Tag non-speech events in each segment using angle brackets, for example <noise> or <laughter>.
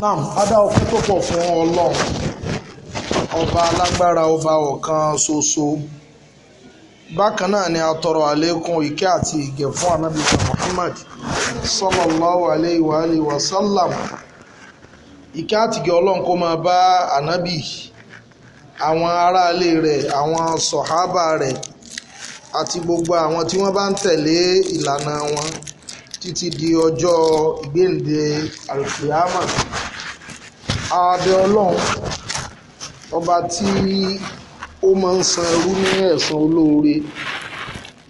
Nam adá ọpẹ́ tó pọ̀ fún Ọlọ́run ọba alágbára ọba ọ̀kan ṣoṣo bákan náà ni a tọrọ àlékún ìkẹ́ àti ìgẹ̀ fún anábì Muhammad sallallahu alayhi wa alayhi wa sallam ìkẹ́ àti ìgẹ̀ Ọlọ́run kó máa bá anábì àwọn aráalé rẹ̀ àwọn sọ̀hábà rẹ̀ àti gbogbo àwọn tí wọ́n bá ń tẹ̀lé ìlànà wọn títí di ọjọ́ ìgbéǹde alfiyama abẹ ọlọ́run ọba tí ó máa ń san ẹrú ní ẹ̀san olóore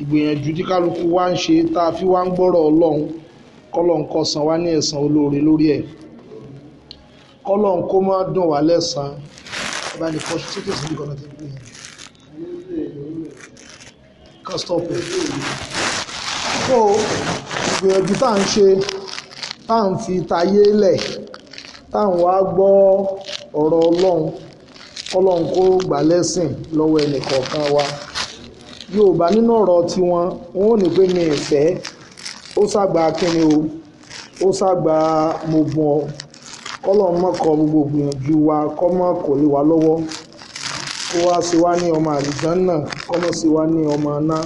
ìgbìyànjú tí kálukú wa ń ṣe tá a fi wá ń gbọ́rọ̀ ọlọ́run kọ́lọ́n kó san wá ní ẹ̀san olóore lórí ẹ̀ kọ́lọ́n kó má dùn wá lẹ́san bá ní kọ́ tí kò sí ní kọ́nà tó yẹn kan stop ìgbìyànjú tá à ń ṣe tá à ń fi tayé lẹ̀ táwọn wá gbọ́ ọ̀rọ̀ ọlọ́run kọ́lọ́run kó gbà lẹ́sìn lọ́wọ́ ẹnìkọ̀ọ̀kan wa yorùbá nínú ọ̀rọ̀ tiwọn wọn ò ní pé mi ìfẹ́ ó ṣàgbà kíni o ó ṣàgbà mo bùn gbogbo gbìyànjú wa kò ọmọ ọmọ aná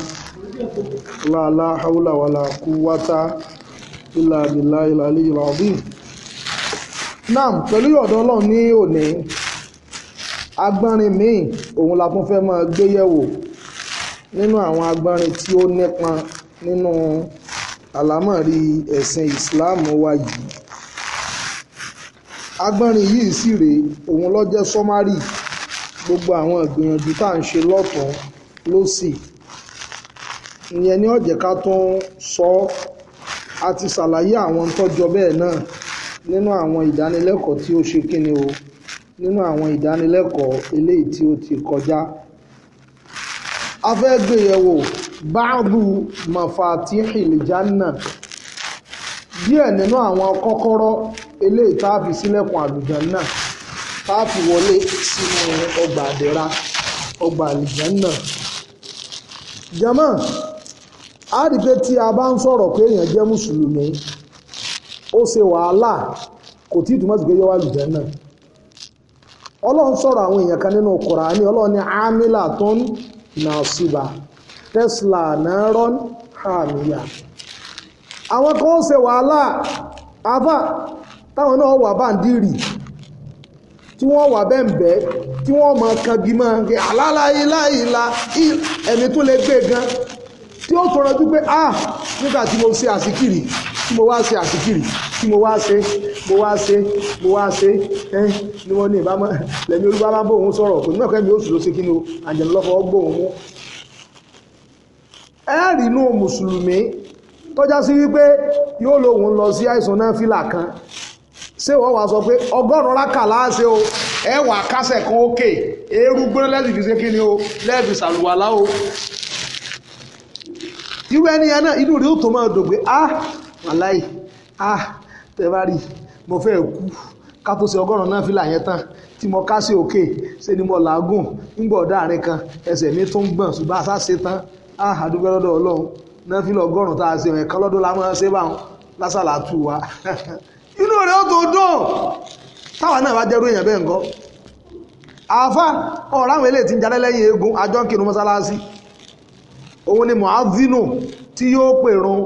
láàlá haúlà wàlà kú wátá ìlà àbìlà ìlà nam pẹ̀lú ọ̀dọ́ ọlọ́run ní òní agbọ́nrin míì òun la tún fẹ́ máa gbé yẹ̀wò nínú àwọn agbọ́nrin tí ó nípọn nínú àlámọ̀rí ẹ̀sìn Islam wa yìí agbọ́nrin yìí sì rèé òun ló jẹ́ sọ́márì gbogbo àwọn ìgbìyànjú tá à ń ṣe lọ́tún lọ́sì ìyẹn ni ó jẹ́ ká tún sọ a ti ṣàlàyé àwọn tọ́jọ bẹ́ẹ̀ náà nínú àwọn ìdánilẹ́kọ̀ọ́ tí ó ṣe kíni o nínú àwọn ìdánilẹ́kọ̀ọ́ eléyìí tí ó ti kọjá a fẹ́ gbé e yẹ̀wò báàbù mafatihil janna díẹ̀ nínú àwọn kọ́kọ́rọ́ eléyìí tá a fi sílẹ̀kùn àlùjánnà tá a fi wọlé sínú ọgbà àdẹ́ra ọgbà àlùjánnà jama a rí pé tí a bá ń sọ̀rọ̀ pé èèyàn jẹ́ mùsùlùmí ó wàhálà kò tí ìtumọ̀ sí pé lùjẹ́ náà ọlọ́run sọ̀rọ̀ àwọn èèyàn kan nínú Kùránì ní amílà tó ń nà tesla náírọ́n hàmìyà àwọn kan ó ṣe wàhálà táwọn náà wà bàǹdìrì tí wọ́n wà tí wọ́n mọ kangi mọ́ ilá ìlà ẹ̀mí tó lè gbé gan tí ó tọrọ ah nígbà tí mo tí mo wá ṣe mo wá ṣe mo wá ṣe ẹ ni wọ́n ní ìbámu lẹ́mi olúwa bá bóun sọ̀rọ̀ kò nígbà kẹ́mi oṣù ló ṣe kí ni o àjẹ̀lú lọ́fọ̀ọ́ gbóun mú. ẹ rí inú mùsùlùmí tọ́já sí wípé yóò lóun lọ sí àìsàn náà fìlà kan ṣé wọ́n wá sọ pé ọgọ́rùn-ún rákà láàṣẹ o ẹ wà kásẹ̀ kan ókè eérú gbóná lẹ́sìn fi ṣe kí ni o lẹ́ẹ̀fì ṣàlùwàlá o irú ẹni yẹn náà inú rẹ̀ ó tó máa dògbé ah wàláì ah tẹ́fárì mo fẹ́ kú ká tó ṣe ọgọ́rùn-ún náà fìlà yẹn tán tí mo ká sí òkè ṣe ni mo làágùn ńgbọ̀ dáàrin kan ẹsẹ̀ mi tún gbọ̀n ṣùgbọ́n àṣà ṣe tán á àdúgbò lọ́dọ̀ ọlọ́run náà fìlà ọgọ́rùn-ún tá a ṣe ẹ̀kan lọ́dún la máa ṣe báwọn lásàlá tù wá <laughs> inú rẹ̀ ó tó dùn táwa náà bá jẹ́rú èèyàn bẹ́ẹ̀ ńkọ́ àáfà ọ̀rọ̀ àwọn eléyìí ti ń jalẹ́ lẹ́yìn eegun àjọ kírun mọ́sálásí òun ni muazinu tí yóò pèrun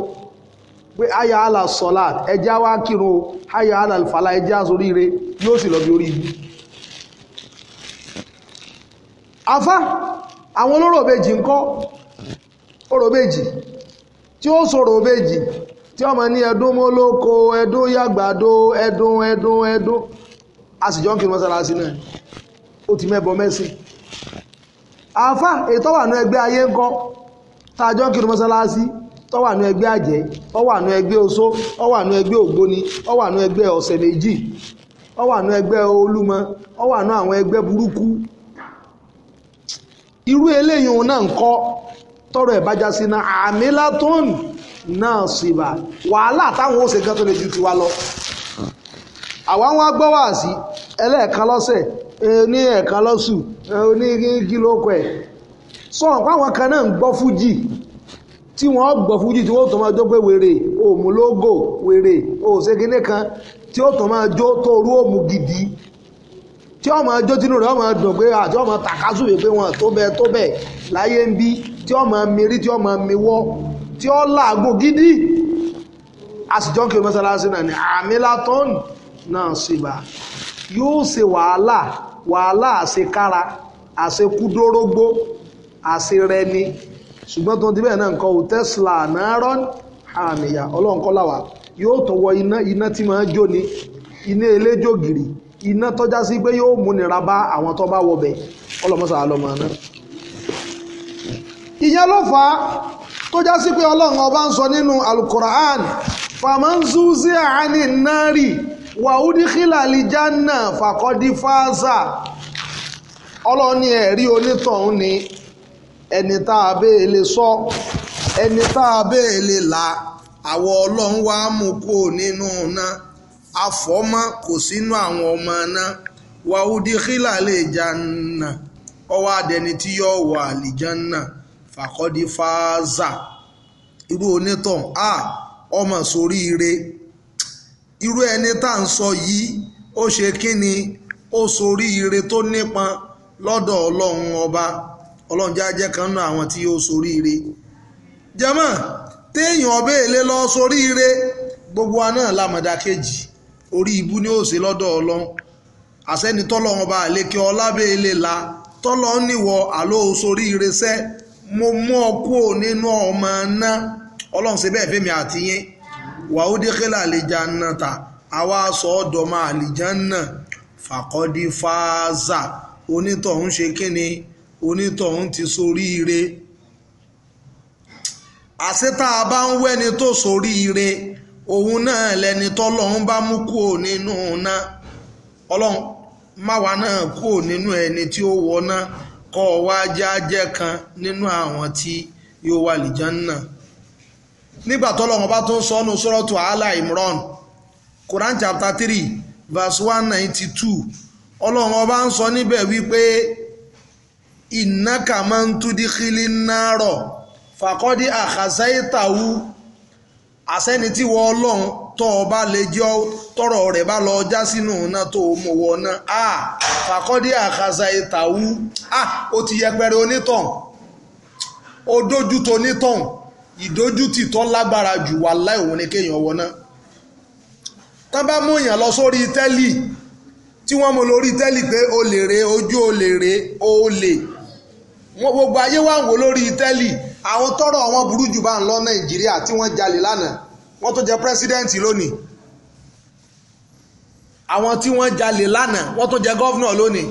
pé aya ala salat ẹja wá kírun o aya ala alfàlà ẹja sórí ire yóò sì lọ bí orí ibu afá àwọn olóró òbejì ńkọ́ òròbejì tí ó sọ̀rọ̀ òbejì tí ọmọ ní ẹdún mólóko ẹdún yàgbàdo ẹdún ẹdún ẹdún a sì jọ ń kírun mọ́sálásí náà ó ti mẹ́bọ mẹ́sìn àáfà ètò wà ní ẹgbẹ́ ayé ńkọ́ tá a jọ ń kírun mọ́sálásí tọ́wà nú ẹgbẹ́ àjẹ́ ọwà nú ẹgbẹ́ oṣó ọwà nú ẹgbẹ́ ògbóni ọwà nú ẹgbẹ́ ọ̀sẹ̀ méjì ọwà nú ẹgbẹ́ olúmọ ọwà nú àwọn ẹgbẹ́ burúkú irú eléyìí òun náà ń tọrọ ẹ̀ bájá sí náà àmì látọ́n wàhálà táwọn tó lè ju lọ Àwọn wá sí ẹlẹ́ẹ̀kan lọ́sẹ̀ ní ẹ̀ẹ̀kan lọ́sù ní kí ló kọ ẹ̀ àwọn tí wọ́n gbọ́ fújì tí wọ́n tó máa jó pé wèrè òmù lógò wèrè òsèkéné kan tí ó tó máa jó tó orú òmù gidi tí ó máa jó tínú rẹ̀ ó máa dùn pé àti ó máa tàkásùwé pé wọ́n tó bẹ́ẹ̀ tó bẹ́ẹ̀ láyé ń bí tí ó máa mirí tí ó máa miwọ́ tí ó làágùn gidi àsìjọ́ kí o mọ́sálásí náà ni àmìlátọ́n náà sì bá yóò ṣe wàhálà wàhálà àṣekára àṣekúdórógbó àṣerẹni ṣùgbọ́n tó ti bẹ́ẹ̀ náà nǹkan ò tesla náírọ́n àmìyà ọlọ́nkọ́láwà yóò tọwọ iná iná tí máa jó ni iná eléjò gìrì iná tọ́já sí pé yóò múnira bá àwọn tó bá wọbẹ̀ ọlọ́mọsà àlọ́mọ náà ìyẹn ló fà á tó já sí pé ọlọ́run ọba ń sọ nínú alukur'an famanzuzi ani nari wàhúdíkìlà lìjánà fàkọ́dí fáásà ọlọ́ni ẹ̀rí onítọ̀hún ni. Nari, ẹni tá a bẹ́ẹ̀ lè sọ ẹni tá a bẹ́ẹ̀ lè là àwọn ọlọ́run wá mú kó nínú náà àfọ́mọ́ kò sínú àwọn ọmọ náà wàhùdí kílà lè jàǹnà ọwọ́ adẹni tí yóò wọ àlìjàǹnà fàkọ́dí fáázà irú onítàn a ọmọ soríire irú ẹni tá à ń sọ yìí ó ṣe kí ni ó soríire tó nípọn lọ́dọ̀ ọlọ́run ọba ọlọ́run já jẹ́ kan náà àwọn tí yóò soríire jẹ́mọ́ téèyàn ọbẹ̀ èlé lọ soríire gbogbo wa náà lámọ̀dá kejì orí ibú ni ó ṣe lọ́dọ̀ ọlọ́run àsẹ́ni tọ́lọ́ ọba àlékè ọlábẹ̀ èlé la tọ́lọ́ níwọ̀ àlọ́ soríire sẹ́ mo mú ọ kúò nínú ọmọ náà ọlọ́run ṣe bẹ́ẹ̀ fẹ́mi àtìyẹn wàhúdíkélà àlìjáná ta àwa sọ ọ́dọ̀mọ àlìjáná fàkọ́dí fáázà onítọ̀hún ṣe kíni onítọ̀hún ti soríire àṣé a bá ń wẹ́ni tó soríire òun náà lẹni tọ́lọ́hún bá mú kúrò nínú máwa náà nínú ẹni tí ó wọná kọ́ ọ wá jájẹ́ kan nínú àwọn tí yóò wà lìjánná nígbà tọ́lọ́hún bá tó sọ ọ́nù Imran Quran chapter ọba ń sọ wípé. ìnáka máa ń tún díkìlì náírọ̀ fàkọ́dí àkàṣà ìtàwù àsẹ́ni tí wọ́n ọlọ́run tọ́ ọ bá lè jọ tọrọ rẹ̀ bá lọ já sínú náà tó o mọ̀ wọ́n náà a fàkọ́dí a ó ti yẹpẹrẹ onítàn ó dójú tó onítàn ìdójútì tó lágbára jù wà láì òun ni kéèyàn wọ náà tán bá mú èèyàn lọ sórí tẹ́lì tí wọ́n mú lórí tẹ́lì pé o lè re ojú o lè re o lè wọn gbogbo ayé wà ń wò lórí tẹ́lì àwọn tọrọ wọn burú jù bá ń lọ nàìjíríà tí wọ́n jalè lánàá wọ́n tó jẹ pírẹsidẹ́ǹtì lónìí àwọn tí wọ́n jalè lánàá wọ́n tó jẹ gọ́vnọ̀ lónìí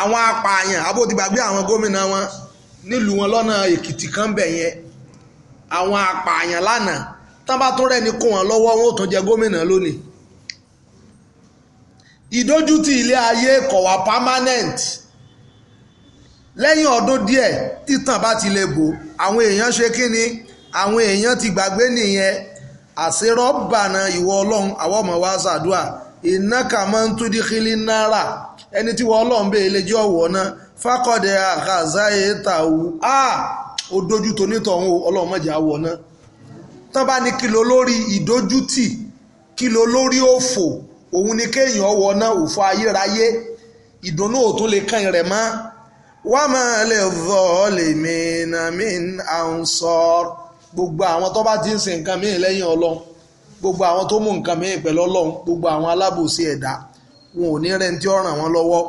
àwọn apààyàn abódìgbàgbé àwọn gómìnà wọn nílùú wọn lọ́nà èkìtì kan bẹ̀ yẹn àwọn apààyàn lánàá tán bá tún rẹ́ni kó wọn lọ́wọ́ wọn ò tún jẹ gómìnà lónìí ìdójútì ilé ayé kọ̀wà permanent lẹ́yìn ọdún díẹ̀ títàn bá ti lè bò àwọn èèyàn ṣe kí ni àwọn èèyàn ti gbàgbé nìyẹn àṣírọ́ bànà ìwọ ọlọ́run àwọn ọmọ wa ṣàdúà iná kà máa ń túdí kílí náírà ẹni tí wọ́n ọlọ́run bẹ́ẹ̀ lè jẹ́ ọ̀wọ́ náà fákọ̀dẹ̀ àkàzá ètà wù á ó dojú tó nítọ̀hún ọlọ́run mọ̀jà wọ̀ náà tán bá ní kìlọ̀ lórí ìdójútì kìlọ̀ lórí òfò òun ni kéèyàn ọwọ́ náà òfò ayérayé ìdùnnú òtún lè kàn rẹ̀ mọ́ wá máa lè zalimina min ansar gbogbo àwọn tó bá ti ń sin nǹkan míì lẹ́yìn ọlọ́run gbogbo àwọn tó mú nǹkan míì pẹ̀lú ọlọ́run gbogbo àwọn alábòsí ẹ̀dá wọn ò ní rẹ́ni tí ó lọ́wọ́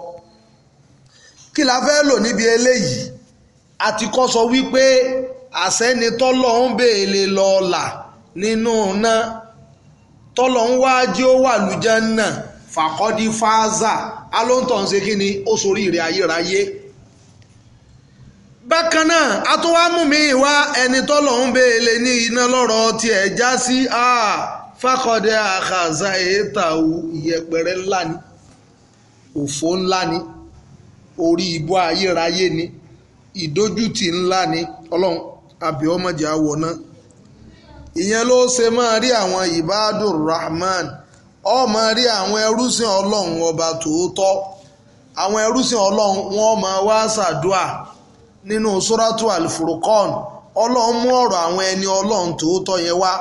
kí la fẹ́ lò níbi eléyìí àti kọ́ sọ wípé àsẹ́ni tọ́lọ̀ ń béèlè lọ́ọ̀là nínú iná tọ́lọ̀ ń jí ó wà lùjẹ́ náà fàkọ́dí fáázà alóńtọ̀ ń ṣe kí ni ó sorí ìrẹ́ ayérayé bákan náà a tún wá mú mi wá ẹni tó lọ́hún béèlè ní iná lọ́rọ̀ tiẹ̀ já sí fàkọ́dé àkàzà ètàwù ìyẹpẹrẹ ńlá ni òfò ńlá ni orí ibú ayérayé ni ìdójútì ńlá ni ọlọ́run àbíọ́mọ̀jà wọ̀ náà ìyẹn ló ṣe máa rí àwọn ibadur rahman ó máa rí àwọn ẹrúsìn ọlọ́run ọba tòótọ́ àwọn ẹrúsìn ọlọ́run wọ́n máa wá ṣàdúà nínú sóràtú alfurqan ọlọ́run mú ọ̀rọ̀ àwọn ẹni ọlọ́run tòótọ́ yẹn wá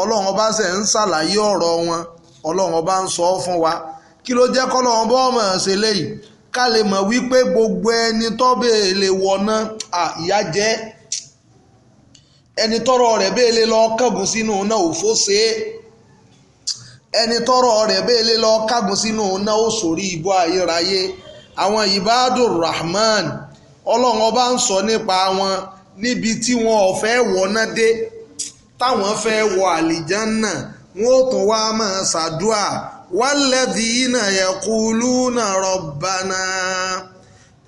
ọlọ́run ọba ṣe ń ṣàlàyé ọ̀rọ̀ wọn ọlọ́run ọba ń sọ fún wa kí ló jẹ́ kọ́lọ́run bọ́ ọmọ ṣe léyìí ká lè mọ̀ wípé gbogbo ẹni tó bẹ́ẹ̀ lè wọná ìyá jẹ́ ẹni tọrọ rẹ̀ bẹ́ẹ̀ lè lọ kángun sínú náà òfó ṣe é ẹni tọrọ rẹ̀ bẹ́ẹ̀ lè lọ kángun sínú náà ó sòrí ibú ayérayé àwọn ìbádùn rahman ọlọ́run ọba ń sọ nípa wọn níbi tí wọn ò fẹ́ wọná dé táwọn fẹ́ wọ àlìjánà wọn ò tún wá máa ṣàdúà والذين يقولون ربنا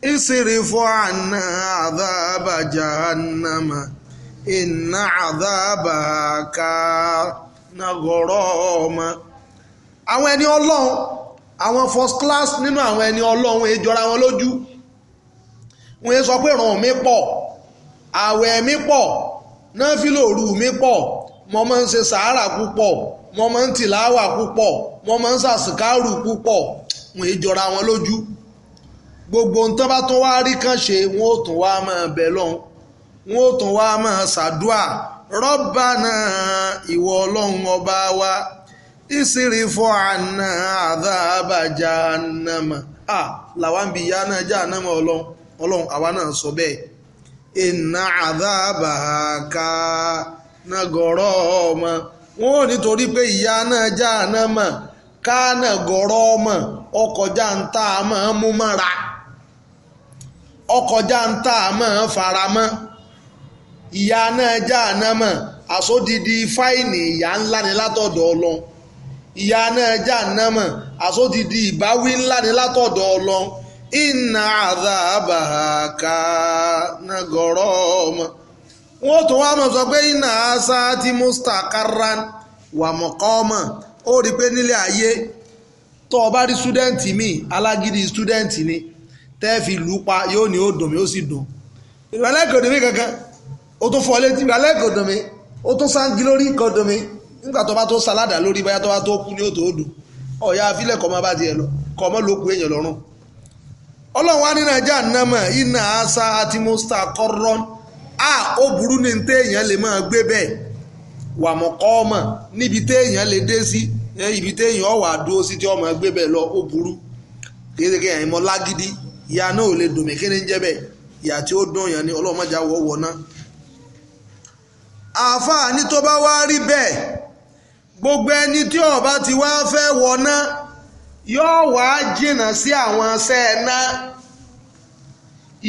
اصرف عنا عذاب جهنم إن عذابها كان غراما àwọn ẹni ọlọ́run àwọn first class nínú àwọn ẹni ọlọ́run èjọra wọn lójú wọ́n yẹn sọ pé ràn mí pọ̀ àwẹ̀ mi pọ̀ náfìlò òru mi pọ̀ mo máa ń ṣe sàárà púpọ̀ mo máa ń tìláwà púpọ̀ mo máa ń ṣàṣìkárù púpọ̀ wọ́n yìí jọra wọn lójú gbogbo nǹkan bá tún wá rí kan ṣe wọn ò tún wá máa bẹ̀ lọ́hùn wọn ò tún wá máa ṣàdúà rọ́bà náà ìwọ ọlọ́run ọba wa ìsírí fún àná àdá àbàjá nàmà à làwọn àbíyá náà já nàmà ọlọ́run ọlọ́run àwa náà sọ bẹ́ẹ̀ iná àdáàbà ká nàgọ̀rọ̀ ọmọ wọn ò nítorí pé ìyá náà já náà mọ̀ ká nàgọ̀rọ̀ ọmọ ọkọjá ń tà á mọ̀ mú mọ́ra ọkọjá ń tà á mọ̀ faramọ́ ìyá náà já náà mọ̀ àsódìdí fáìní ìyá ńlá ni látọ̀dọ̀ ọlọ́run ìyá náà já náà mọ̀ àsódìdí ìbáwí ńlá ni látọ̀dọ̀ ọlọ́run iná àdáàbà ká ka ọmọ tún wá mọ̀ sọ pé iná asa ti musta wà mọ̀kọ́ ọmọ ó rí pé nílé ayé tó rí mi alágídí súdẹ́ǹtì ni tẹ́ẹ̀fì lù pa yóò ní ó dùn mí ó sì dùn ìrọ̀lẹ́ kò dùn mí kankan ó tún fọ́ létí ìrọ̀lẹ́ kò dùn mí ó tún sáńgí lórí kò dùn mí nígbà tó bá tó lórí báyà tó bá ọlọ́run wa nínú ẹja nàmọ̀ iná asa àti musta a ó burú ní téèyàn lè máa gbé bẹ́ẹ̀ wà mọ̀ kọ́ ọmọ níbi téèyàn lè dé sí ibi wà ọ̀wà dúró sí tí ọmọ gbé bẹ́ẹ̀ lọ ó burú kéde kéèyàn ìmọ̀ lágídí ìyá náà ò lè dùn mí dùn ni mọ̀já wọ̀ wọ̀ náà. tó gbogbo ẹni tí ọba ti wá fẹ́ yóò wá jìnnà sí àwọn ṣẹ́ ẹ ná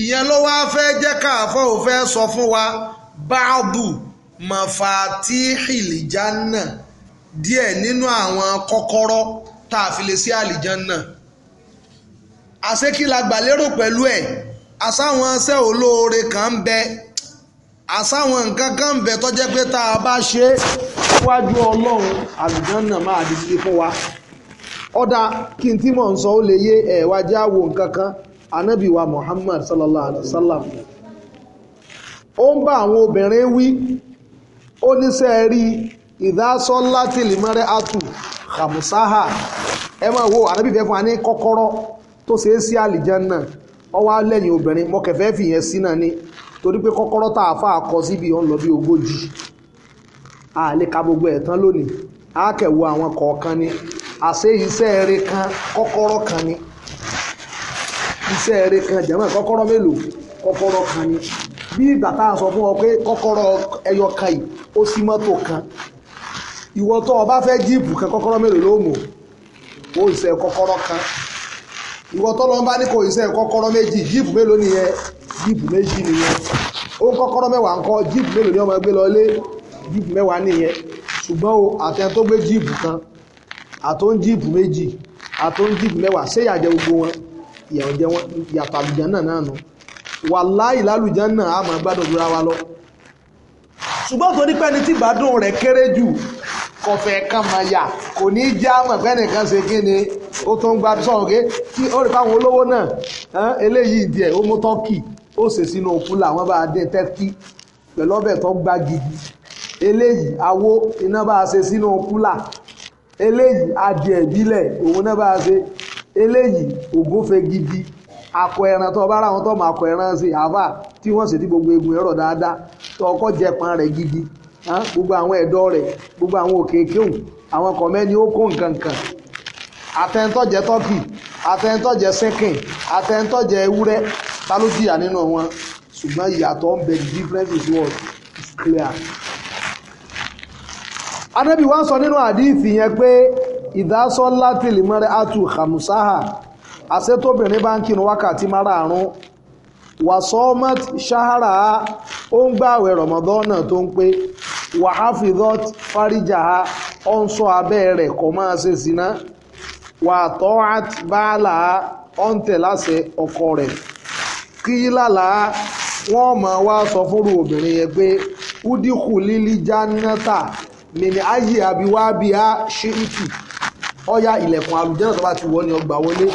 ìyẹn ló wá fẹ́ jẹ́ káàfọ́ ò fẹ́ sọ fún wa báàbù mafatihili janna díẹ̀ nínú àwọn kọ́kọ́rọ́ tá a fi lè ṣí àlìjanna àṣekí la gbàlérò pẹ̀lú ẹ̀ àṣàwọn ṣẹ́ olóore kan ń bẹ àṣàwọn nǹkan kan bẹ tó pé tá a bá ṣe é wájú ọlọ́run àlìjanna máa di sí fún wa. ọ̀dà kí n tí ń sọ ó lè yé ẹ̀wà jẹ́ àwò Muhammad sallallahu alaihi wasallam ó ń bá àwọn obìnrin wí ó níṣẹ́ rí ìdásọ́ láti lìmọ́rẹ́ àtù kàmùsáhà ẹ máa wo ànábì fẹ́ fún wa ní kọ́kọ́rọ́ tó ṣeé sí àlìjánà ọwọ́ lẹ́yìn obìnrin mo kẹfẹ́ fìyẹn sí náà ni torí pé kọ́kọ́rọ́ tá a a gbogbo ẹ̀ tán àṣé iṣẹ́ eré kan kọ́kọ́rọ́ kan ni iṣẹ́ eré kan jẹ̀mọ́ kọ́kọ́rọ́ mélòó kọ́kọ́rọ́ kan ni bí ìgbà tá a sọ fún ọ pé kọ́kọ́rọ́ ẹyọ kan yìí ó ṣí mọ́tò kan ìwọ tó o bá fẹ́ jíìpù kan kọ́kọ́rọ́ mélòó ló mọ̀ ó iṣẹ́ kọ́kọ́rọ́ kan ìwọ tó lọ́n bá ní kò iṣẹ́ kọ́kọ́rọ́ méjì jíìpù mélòó nìyẹn jíìpù méjì nìyẹn ó kọ́kọ́rọ́ mẹ́wàá ńkọ́ jíìpù mélòó ni ọmọ ẹgbẹ́ lọ lé jíìpù mẹ́wàá nìyẹn ṣùgbọ́n o àtẹ tó gbé jíìpù kan àtọ́njíìpù méjì àtọ́njíìpù mẹ́wàá ṣé ìyàjẹ gbogbo wọn ìyàwó jẹ wọn ìyàtọ̀ àlùjànnà náà nù wàláì lálùjànnà a máa gbádùn dúra wa lọ. ṣùgbọ́n tó nípa ẹni tí ìgbádùn rẹ̀ kéré jù kọfẹ́ kan máa yà kò ní í já mọ̀ pé ẹnìkan ṣe kí ni ó tó ń gbádùn sọ̀rọ̀ pé tí ó rí fáwọn olówó náà eléyìí díẹ̀ ó mú tọ́kì ó ṣe sínú òpùlà wọn bá dé tẹ́tí pẹ̀lú ọbẹ̀ tó gbá gidi eléyìí awó iná bá ṣe sínú òpùlà eléyìí adìẹ ìbílẹ̀ òun náà bá a ṣe eléyìí ògbófe gidi akọ ẹran tó bá ara wọn tó mọ akọ ẹran sí àfà tí wọ́n sì ti gbogbo egun ẹ̀rọ dáadáa tó ọkọ jẹpan rẹ̀ gidi gbogbo àwọn ẹ̀dọ̀ rẹ̀ gbogbo àwọn òkèèké òun àwọn kọ̀mẹ́ni ó kó nǹkan kan àtẹ̀ntọ́jẹ tọ́kì àtẹ̀ntọ́jẹ sínkìn àtẹ̀ntọ́jẹ ewúrẹ́ ta ló jìyà nínú wọn ṣùgbọ́n ìyàtọ̀ ń bẹ the difference is what is clear anábì wá sọ nínú àdífì yẹn pé ìdásọ́ látìlì mọ́rẹ́ àtù hamusaha àṣetóbìnrin bá ń kírun wákàtí márààrún wasomat shahara ó ń gbààwẹ̀ rọ̀mọ́dọ́nà tó ń pé wàhafidot farijaha ó ń sọ abẹ́ rẹ̀ kọ́ máa ṣe síná wàtọ́at báàlà ó ń tẹ̀ láṣẹ ọkọ rẹ̀ kí wọ́n máa wá sọ fúnrú obìnrin yẹn pé údíkù lílí jánátà mèmí ayé àbíwá bíi a ṣe ìtù ọ̀yà ilẹ̀kùn àlùjẹ́ náà tó bá ti wọ ni ọgbà wọlé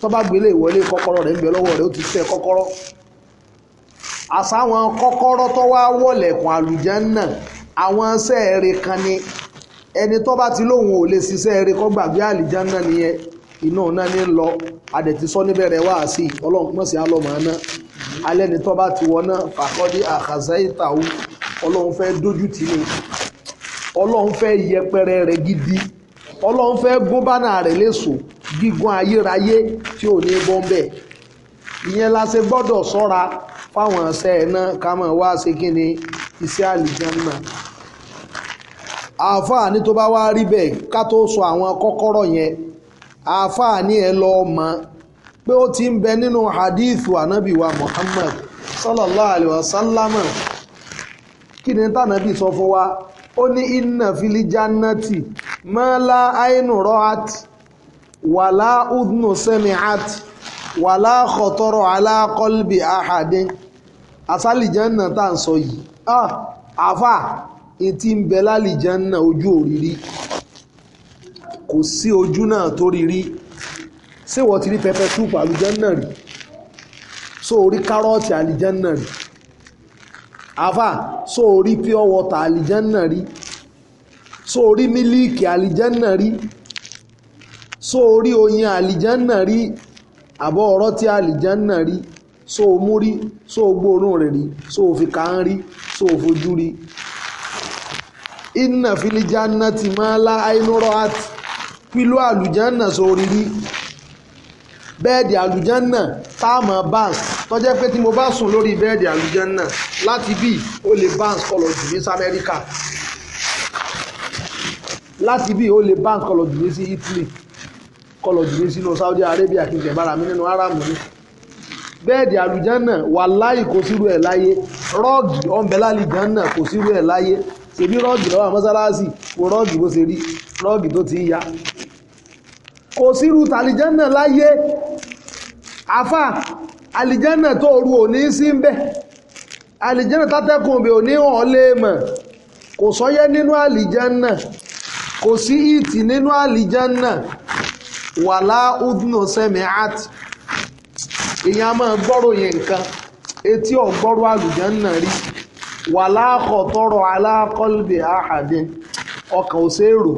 tó bá gbélé ìwọlé kọ́kọ́rọ́ rẹ̀ ń bẹ lọ́wọ́ rẹ̀ ó ti fẹ́ kọ́kọ́rọ́ àsáwọn kọ́kọ́rọ́ tó wá wọ̀lẹ̀kùn àlùjẹ́ náà àwọn sẹ́ẹ̀rẹ̀ kan ni ẹni tó bá ti lóun ò lè ṣiṣẹ́ eré kọ́ gbàgbé àlìjẹ́ náà nìyẹn iná náà ní lọ adẹ̀tí sọ níbẹ̀rẹ̀ wá sí ọlọ́run pọ̀ sí alọ́mọ náà alẹ́ ni tó ti wọ náà fàkọ́dí àkàzáìtàwù ọlọ́run fẹ́ dójú tì ní ọlọ́run fẹ́ yẹpẹrẹ gidi ọlọ́run fẹ́ gún bánà gígùn ayérayé tí ò ní bọ́ bẹ́ẹ̀ ìyẹn la ṣe gbọ́dọ̀ sọ́ra fáwọn ọ̀sẹ̀ náà ká mọ̀ wá sí kí ni iṣẹ́ àlìjánná àáfàá ní tó bá wá rí bẹ́ẹ̀ ká tó sọ àwọn kọ́kọ́rọ́ yẹn ẹ lọ pé Muhammad sallallahu alayhi wa sallam kí ni sọ ó ní iná filijanati mọ́lá àínú rọ́at wàlá udnu sami'at wàlá kọ̀tọ́rọ̀ alákọ́lbì àhàdé asálìjánà tá à ń sọ yìí ah, àfà ètí ń bẹ lálìjánà ojú òrírí kò sí ojú náà tó rírí ṣé wọ́n ti rí pẹpẹ súpù àlìjánà rí so orí kárọ́ọ̀tì àlìjánà rí àfà so orí pure water àlìjẹ́nà rí so orí mílíìkì àlìjẹ́nà rí so orí oyin àlìjẹ́nà rí àbọ̀ ọ̀rọ̀ tí àlìjẹ́nà rí so mú so gbóòórùn rẹ̀ rí so òfin kà ń so òfojú rí inna filijanna ti máa lá àìnúrọ̀ àti pílú àlùjẹ́nà sórí rí. So bẹ́ẹ̀dì àlùjánà táàmù bounce tọ́jẹ́ pé tí mo bá sùn lórí bẹ́ẹ̀dì àlùjánà láti bí ó lè bounce kọlọ jù mí sí amẹ́ríkà láti bí ó lè bounce kọlọ jù mí sí italy kọlọ jù mí sínú saudi arabia kí n jẹ̀ bára mi nínú aráàmù mi bẹ́ẹ̀dì àlùjánà wàláì kò sírú ẹ̀ láyé rọ́ọ̀gì ọ̀nbẹ́lálì jánà kò sírú ẹ̀ láyé ṣèbí rọ́ọ̀gì lọ́wọ́ àmọ́sálásì wo rọ́ọ̀gì bó ṣe rí rọ́ọ̀gì tó ti ń ya kò sírú tàlìjánà láyé àfà àlìjánà tó rú òní sí ń bẹ̀ àlìjánà tátẹ́kùn bẹ̀ òní hàn lè mọ̀ kò sọ́yẹ́ nínú àlìjánà kò sí ìtì nínú àlìjánà wàlá udno sẹ́mi at èèyàn máa gbọ́rò yẹn nǹkan etí ọ̀gbọ́rò àlùjánà rí wàlá akọ̀tọ̀rọ̀ aláàkọ́lùbẹ̀ àhàdín ọkàn ò sí èrò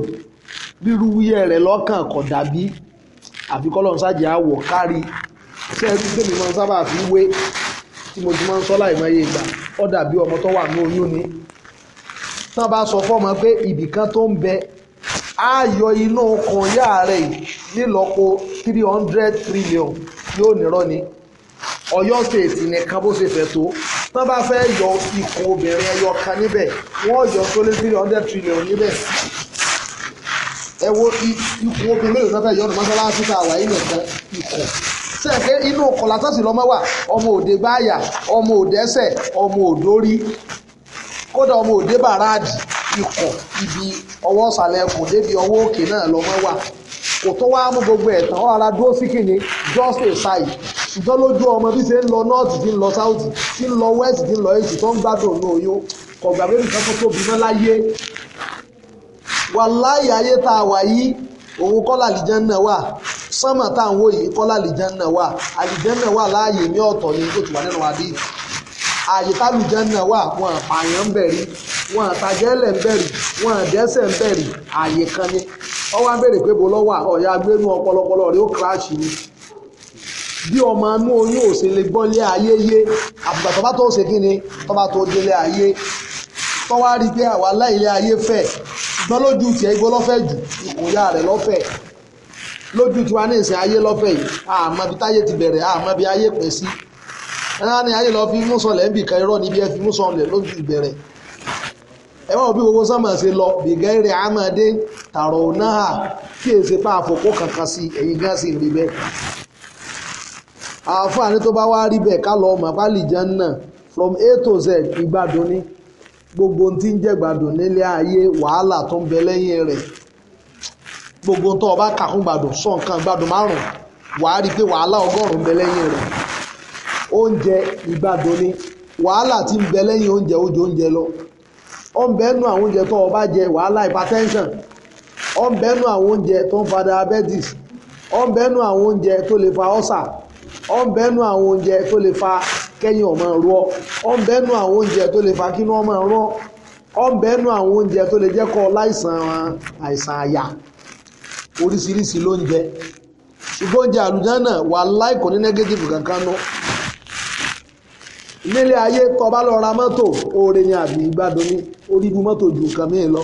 rírú wúyẹ́ rẹ̀ lọ́kàn kò dàbí àfikọ́lọ́ sájà àwọ̀ kárí sẹ́ẹ̀tì tèmi máa ń sábà fi wé tí mo ti máa ń sọ láìmọye ìgbà ó dàbí ọmọ tó wà ní oyún ni tán bá sọ fọ́mọ pé ibìkan tó ń bẹ á yọ inú kan yá rẹ̀ nílọ́po three hundred trillion yóò nírọ́ ni Ọ̀yọ́ state nìkan bó ṣe fẹ́ tó tán bá fẹ́ yọ ikùn obìnrin ẹyọ kan níbẹ̀ wọ́n yọ tó three hundred trillion níbẹ̀ ẹ wo ikú obìnrin mélòó sọfẹ yọnu mọ́sálásí tá a wà yín nìkan ikọ̀ sẹ́ẹ̀kẹ́ inú ọkọ̀ látọ́sí lọ́mọ wà ọmọ òde gbáàyà ọmọ òde ẹsẹ̀ ọmọ òdórí kódà ọmọ òde bàràdì ikọ̀ ibi ọwọ́ ìsàlẹ̀ ẹkùn débi ọwọ́ òkè náà lọ́mọ wà kò tó wá mú gbogbo ẹ̀tàn ọ̀ ara dúró sí kìíní just a side ṣùgbọ́n lójú ọmọ bí ṣe ń lọ north ti ń lọ south ti ń lọ west ti ń lọ east tó ń gbádùn ní oyún kọ̀gbà bébì kan tó tóbi mọ́ láyé wàláyé ayé tá a wà yìí òun kọ́lá àlìjánná wà sánmà tá à ń wò yìí kọ́lá àlìjánná wà àlìjánná wà láàyè ní ọ̀tọ̀ ni ó ti wà nínú adé àyè tálùjánná wà wọn àpààyàn ń bẹ̀rí wọn àtàjẹ́lẹ̀ ń bẹ̀rí wọn àdẹ́sẹ̀ ń bẹ̀rí àyè kan ni ọwọ́ á pé bo lọ́wọ́ ọ̀yà agbénu ọpọlọpọlọ rẹ ó kíráàṣì ni bí ọmọ inú oyún òsè lè gbọ́nlé ayé yé àbùgbà tó tó ṣe kí ni tó bá tó délé ayé tó wá rí pé àwa láìlé ayé fẹ́ ṣùgbọ́n lójú tiẹ̀ igbó lọ́fẹ̀ jù ìkòyà rẹ̀ lọ́fẹ̀ lójú tiwa ní ìsìn ayé lọ́fẹ̀ yìí àmọ́ bí táyé ti bẹ̀rẹ̀ àmọ́ bí ayé pín sí ẹ̀rọ ni ayé lọ fi mú sọlẹ̀ níbi kan irọ́ níbi ẹ fi mú sọlẹ̀ lójú ìbẹ̀rẹ̀ ẹ wọ́n bí gbogbo sọ́mọ̀ ṣe lọ bìgẹ́rẹ̀ amadé tààrọ̀ náà kí èsì pa àfòkó kankan sí ẹ̀yìn gan sí rí bẹ́ẹ̀ àǹfààní tó bá wá rí bẹ́ẹ̀ ká lọ mọ̀ pálí jẹ́ náà from A to Z ìgbàdùn ni. gbogbo tí ń jẹ́gbádùn nílé ayé wàhálà tó ń bẹ lẹ́yìn rẹ̀ gbogbo tó o kà kún gbádùn sọ nǹkan márùn wàá rí i pé wàhálà ọgọ́rùn ń bẹ lẹ́yìn rẹ̀ oúnjẹ ìgbádùn ni wàhálà tí ń bẹ lẹ́yìn oúnjẹ lọ ó ń àwọn o jẹ wàhálà hypertension ó ń bẹ́nu àwọn oúnjẹ tó ń fa diabetes ó ń bẹ́nu àwọn oúnjẹ tó kẹ́yìn ọmọ rọ ọ̀nbẹ́ nu àwọn oúnjẹ tó lè fa kí ọmọ rọ ọ̀nbẹ́ nu àwọn oúnjẹ tó lè jẹ́ kọ́ láìsàn àìsàn àyà oríṣiríṣi ló ṣùgbọ́n oúnjẹ àlùjánà wà láìkò ní nẹ́gẹ́tìfù kankan nú nílé ayé ra mọ́tò oore ni àbí ní orí ju nǹkan lọ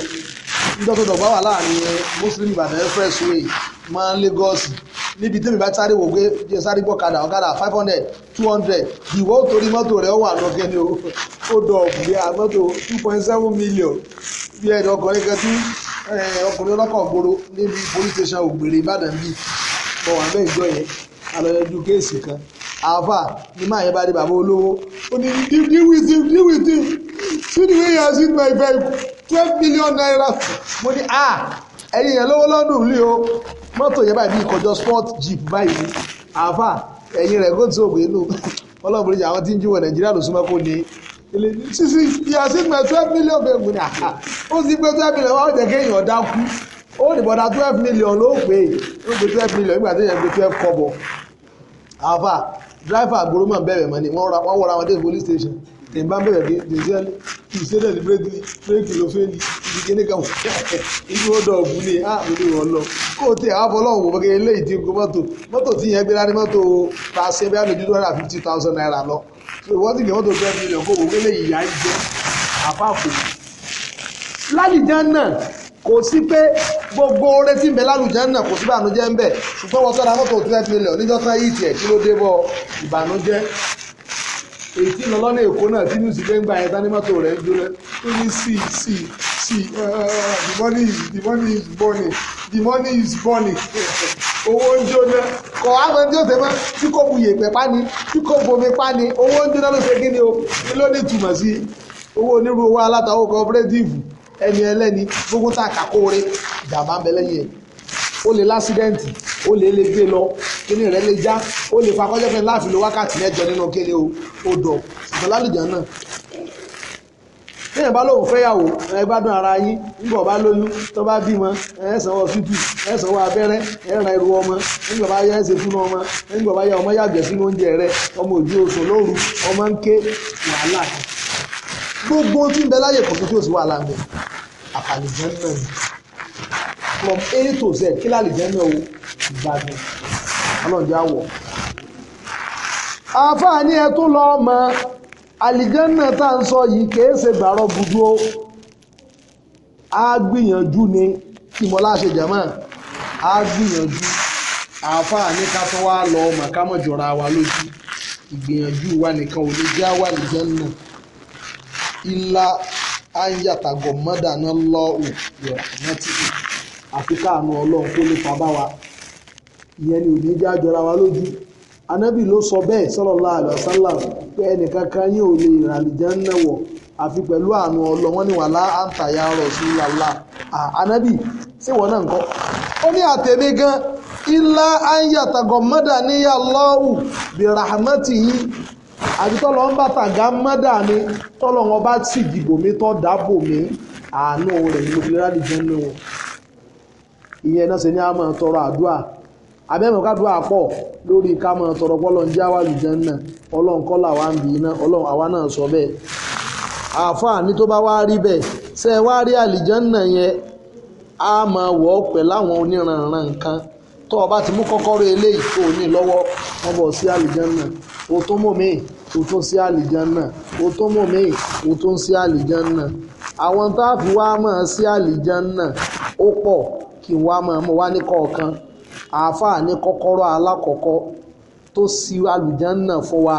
nítorí tó dọ̀gbá wà láàrin Muslim Lagos níbi tẹ́mi bá sáré wò pé jẹ́ sáré gbọ́ kadà ọ̀kadà five hundred two hundred ìwọ torí mọ́tò rẹ̀ wà lọ́kẹ́ ni ó dọ̀ bí i mọ́tò two point seven million bí ẹni ọkùnrin kan tí ọkùnrin ọlọ́kọ̀ gbòòrò níbi police station Ògbèrè Ìbàdàn bíi mọ̀ wà bẹ́ẹ̀ jọ yẹn alọ́yẹ̀dú kéèsì kan àáfà ni máa yẹn bá dé bàbá olówó ó ní deal with him deal with him see the way he has hit my vehicle twelve million naira mo ní ah ẹ̀yin yẹn lówó lọ́dún lé o mọ́tò yẹn báyìí bí ìkọjọ sport jeep báyìí àáfà ẹ̀yìn rẹ̀ kó tó ògbé lò ọlọ́run ìjà àwọn tí ń júwọ̀ nàìjíríà ló súnmọ́ kó ní ilé sísí ìyá sí gbẹ twelve million bẹ́ẹ̀ gbìn àhà ó sì gbé twelve million wọ́n jẹ́ kéèyàn dákú ó ní bọ̀dá twelve million ló pè é ó gbé twelve million nígbà tó yẹ gbé twelve kọ́bọ̀ àáfà dráìfà àgbòrò mọ̀ bẹ̀rẹ̀ mọ́ ni wọ́n wọra wọn dé police station tí n bá bẹ̀rẹ̀ dé dèjẹ́lì kì í ṣe tẹ̀lé bírèkì bírèkì ló fẹ́ ní ibi kíní kan <laughs> ibi ó dọ̀ ọ̀gbun ni á mi ní wọn lọ kó o tẹ àwọn fọlọ́hùn wò bẹ́ẹ̀ eléyìí ti gbọ́ mọ́tò mọ́tò tí yẹn gbé dání mọ́tò ta ṣe bí àlejò two hundred and fifty thousand naira lọ so ìwọ́n ti gbé mọ́tò twelve million kó o wò eléyìí yá jẹ́ àpapọ̀. lálìjẹ́ náà kò sí pé gbogbo oore tí ń bẹ lálùjẹ́ náà kò sí bànújẹ́ ń bẹ ṣùgbọ́n wọ́n sọ́ra mọ́tò twelve million níjọ́ kan yìí tiẹ̀ kí ló dé bọ́ èyí tí lọ́lọ́nà èkó náà tí ní ìsìnkú ńgbà ẹ̀dá ní mọ́tò rẹ̀ jóná ó ní sí sí sí the money is the money is burning the money is burning <laughs> owó ń jóná kọ̀ wá lọ ní òtẹ́ mọ́ tí kò bu yèpẹ̀ ni tí kò bomi pa ni owó ń jóná ló ṣe kí o ní ló ní ìtumọ̀ sí owó onírúurú owó alátawó cooperative ẹni ẹlẹ́ni gbogbo tá a kà kóore ìjàmbá ń bẹ lẹ́yìn ẹ̀. o le lásídẹ́ǹtì o le lè gbe lọ kíní rẹ̀ lè já ó fa kọ́jọ́ fún láàfin lo wákàtí mẹ́jọ nínú kíní odò ṣùgbọ́n lálùjá náà téèyàn bá lóun fẹ́yàwó ẹ gbádùn ara yín nígbà bá lóyún tó bá bímọ ẹ sanwó fídù ẹ sanwó abẹ́rẹ́ ẹ ra irú ọmọ nígbà bá yá ẹsẹ̀ fún ọmọ nígbà bá yá ọmọ yàgbẹ́ sínú oúnjẹ rẹ ọmọ òbí oṣù lóru ọmọ ń ké wàhálà gbogbo tí ń bẹ láyè wàhálà from a to z kí lálẹ́ jẹ́ náà o ìbàdàn ọlọ́dẹ àwọ̀. àfààní ẹ tún lọ mọ àlìjẹ́nà tá à ń sọ yìí kìí ṣe gbàrọ̀ budu o á gbìyànjú ni kí mo láṣẹ jẹ̀mọ́ á gbìyànjú àfààní ká tún wá lọ mọ̀ ká mọ̀ jọra wa lójú ìgbìyànjú wa nìkan ò lè jẹ́ wà àlìjẹ́nà ilá ayàtàgọ̀ mọ́dà náà lọ́wọ́ ìrọ̀lẹ́ tí kò àfi káàánú ọlọ́run kó lè pa bá wa ìyẹn ni òní jẹ́ àjọra wa lójú anábì ló sọ bẹ́ẹ̀ sallallahu alaihi wasallam pé ẹnìkankan yín ò lè ràlìjẹ́ ń náwọ̀ àfi pẹ̀lú àánú ọlọ́ wọn ni wà láǹtà ya Rasulullah anábì sí wọn náà nǹkan ó ní àtẹ̀mí gan ilá ayàtàgọ̀ mọ́dà níyà lọ́wù bí rahmati yìí àti tọ́lọ́ ń bá tàgá mọ́dà ni tọ́lọ́ wọn bá sì dìbò mi tọ́ dábò mi àánú rẹ̀ ní fi rálìjẹ́ ń náwọ̀ ìyẹn náà ṣe ní a máa tọrọ àdúà abẹ́mọ̀ ká dúà pọ̀ lórí ká máa tọrọ pọ́lọ́ ń jẹ́ àwa àlùjánnà ọlọ́run kọ́ làwa ń bì í ná ọlọ́run àwa náà sọ bẹ́ẹ̀ àáfàá ní tó bá wá rí bẹ́ẹ̀ ṣe wá rí àlùjánnà yẹn a máa wọ̀ ọ́ pẹ̀ láwọn oníranran nǹkan tó o bá ti mú kọ́kọ́rọ́ eléyìí tó o ní lọ́wọ́ wọ́n bọ̀ sí àlùjánnà o tó mọ̀ mí o tó sí àlùjánnà o tó mọ̀ mí o tó sí àlùjánnà àwọn tá a fi wá máa sí àlùjánnà ó pọ̀ kí n wá máa mú wá ní kọ̀ọ̀kan àáfàá ní kọ́kọ́rọ́ alákọ̀ọ́kọ́ tó ṣí àlùjànnà fún wa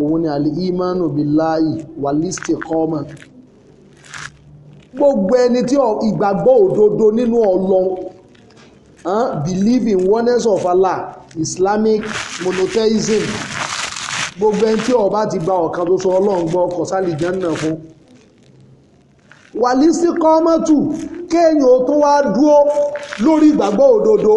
òun ni àlè ìmánu billahi wàlísítì kọ́ọ̀mà gbogbo ẹni tí ìgbàgbọ́ òdodo nínú ọlọ́run believe in oneness of Allah Islamic monotheism gbogbo ẹni tí ọba ti gba ọ̀kan tó sọ ọlọ́run gbọ́ ọkọ̀ sálì jẹ́ nà fún wàlísítì kọ́ọ̀mà tù kéèyàn tó wá dúó lórí ìgbàgbọ́ òdodo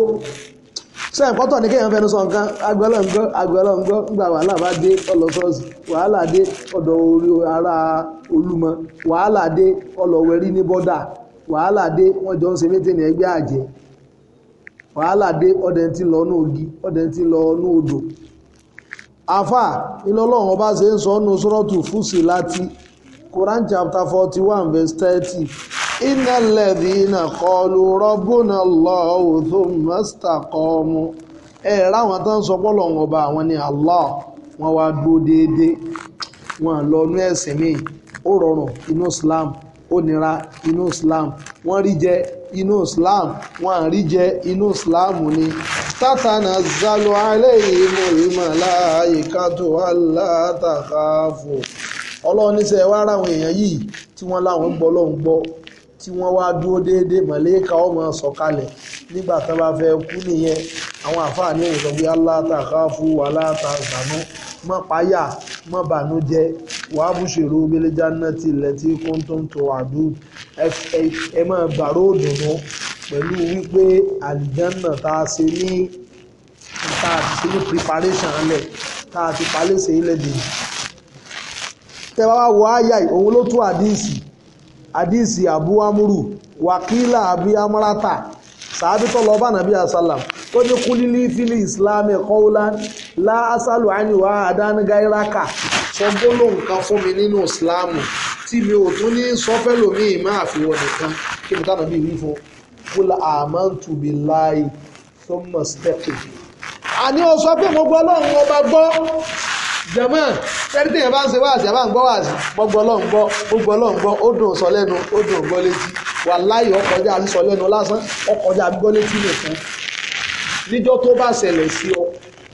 ṣe ìpọ́tọ̀ ní kéèyàn fẹnu sọ nǹkan agbẹ́lọ́ngbọ́ agbẹ́lọ́ngbọ́ ńgbà wàhálà bá dé ọlọ́sọ́ọ̀sì wàhálà dé ọ̀dọ̀ orí ara olúmọ wàhálà dé ọlọ́wẹ̀rí ní bọ́dà wàhálà dé wọ́n jọ ń ṣe méjì ní ẹgbẹ́ àjẹ́ wàhálà dé ọdẹ tí lọ ní ògì ọdẹ lọ ní ọba ṣe ń sọ ọ́nù sọ́rọ́tù fúsì láti Quran chapter forty one verse thirty إن الذين قالوا ربنا الله ثم استقاموا ẹ ráwọn tó ń sọ pọ́lọ̀ wọn ni Allah wọn wá déédéé wọn lọ inú ẹ̀sìn míì ó Islam ó nira inú Islam wọ́n Islam wọ́n inú ni tátànà zalo aléyìí mo yìí tí wọ́n tí wọ́n wá dúró déédéé mọ̀lẹ́ka ọmọ sọ̀kalẹ̀ nígbà tó bá fẹ́ kú nìyẹn àwọn àfààní ìsọ pé alátàká fún wa látàzánú mọ́ páyà mọ́ bànújẹ́ wà á búṣèrò bíléjà náà tilẹ̀ tí kún àdú ẹ máa gbàró òdùnnú pẹ̀lú wípé àlìjánà tá a ṣe ní tá a ti ṣe ní preparation lẹ̀ tá a ti palẹ̀ ṣe ilẹ̀ dèjì tẹ́ bá wá wo àyà òun hadisi abu amuru wakila abi amurata sàábí tó lọ bá nàbí asálàm tó ní kúlílí fílì ìsìláàmì kọ́ọ́lán láásàlù àníwá àdánigáíráka sọ gbólóhùn kan fún mi nínú ìsìláàmù tí mi ò tún ní sọfẹ́lòmíì má àfihàn nìkan kí ni tánàbí wí fún kúlà àmọ́ntù billahi thumma stẹ́kì. àní ó pé gbogbo ọlọ́run ọba gbọ́ jẹ̀mọ́ ẹni tí yẹn bá ń ṣe wáàsí àbá ń gbọ́ wáàsí gbọ́gbọ́ lọ́n gbọ́ gbọ́gbọ́ lọ́n gbọ́ ó dùn sọ lẹ́nu ó dùn gbọ́ létí wà láyọ̀ ọkọjá sísọ lẹ́nu lásán ọkọjá gbọ́ létí nìkan níjọ́ tó bá ṣẹlẹ̀ sí ọ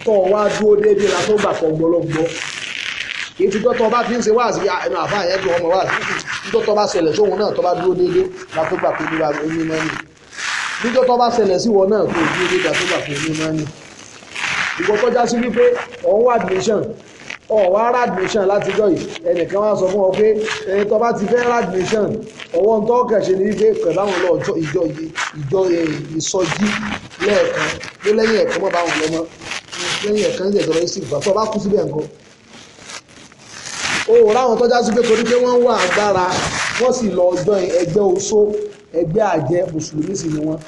tó o wá dúró déédéé la tó gbà pọ̀ gbọ́lọ́gbọ́ kìí ti gbọ́tọ̀ bá fi ń ṣe wáàsí ah, ẹnu àbá yẹn dùn ọmọ wáàsí níjọ́ tó bá ṣẹlẹ̀ sóhun náà tó bá dúró déédéé la tó gbà pé ní mọ́nì níjọ́ tó bá ṣẹlẹ̀ sí wọn náà tó dúró déédéé la tó gbà pé ní mọ́nì ìwọ́n tọ́já sí wípé ọ̀hún wà admission ọ̀wá radmission látijọ́ yìí ẹnìkan wá sọ fún ọ pé ẹni tó bá ti fẹ́ radmission ọwọ́ ń tọ́kẹ̀ ṣe ni wípé pẹ̀lú àwọn ọlọ́ọ̀jọ́ ìjọ ìjọ ìsọjí lẹ́ẹ̀kan ló lẹ́yìn ẹ̀kọ́ mọ́ bá wọn lọ́mọ lẹ́yìn ẹ̀kan lè dọ̀rọ̀ sí ìgbà tó bá kú síbẹ̀ nǹkan. o ráwọn tọ́já sí pé torí pé wọ́n ń wá agbára wọ́n sì lọ ọjọ́ ẹgbẹ́ oṣó ẹgbẹ́ àjẹ mùsùlùmí sì ni wọ́n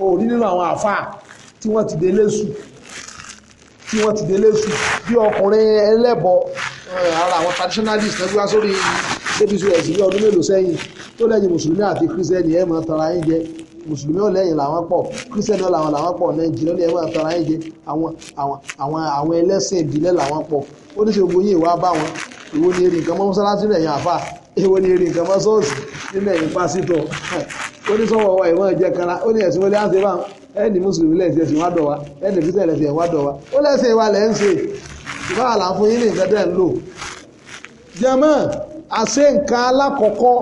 o rí nínú àwọn àfáà tí wọ́n ti dé lẹ́sùn tí wọ́n ti délé sùn bí ọkùnrin ẹlẹ́bọ ara àwọn traditionalist ẹgbẹ́ sórí abc ẹ̀sìn bí ọdún mélòó sẹ́yìn tó lẹ́yìn mùsùlùmí àti kírísẹ́nì ẹ̀ máa tara yín jẹ mùsùlùmí ọ̀lẹ́yìn làwọn pọ̀ kírísẹ́nì làwọn làwọn pọ̀ nàìjíríà ọ̀lẹ́yìn máa tara yín jẹ àwọn àwọn àwọn ẹlẹ́sìn ìbílẹ̀ làwọn pọ̀ ó ní sèwọ́n yìí wá bá wọn èwo ni erin nǹkan mọ́ mọ́sálásí lẹ́yìn àfà èwo ni erin nǹkan mọ́ sọ́ọ̀sì nílẹ̀ yìí pásítọ̀ ó ní sọ́wọ́ wa ìwọ̀n ìjẹkara ó ní ẹ̀sìn wọlé àti báwọn ẹni mùsùlùmí lẹ́sìn ẹ̀sìn wá dọ̀ wa ẹni kìtẹ́ lẹ́sìn wá dọ̀ wa ó lẹ́sìn wa lẹ́ ń ṣe ṣùgbọ́n àlà fún yín ní nǹkan tẹ́ ń lò. jẹ́mọ́ àṣẹ nǹkan alákọ̀ọ́kọ́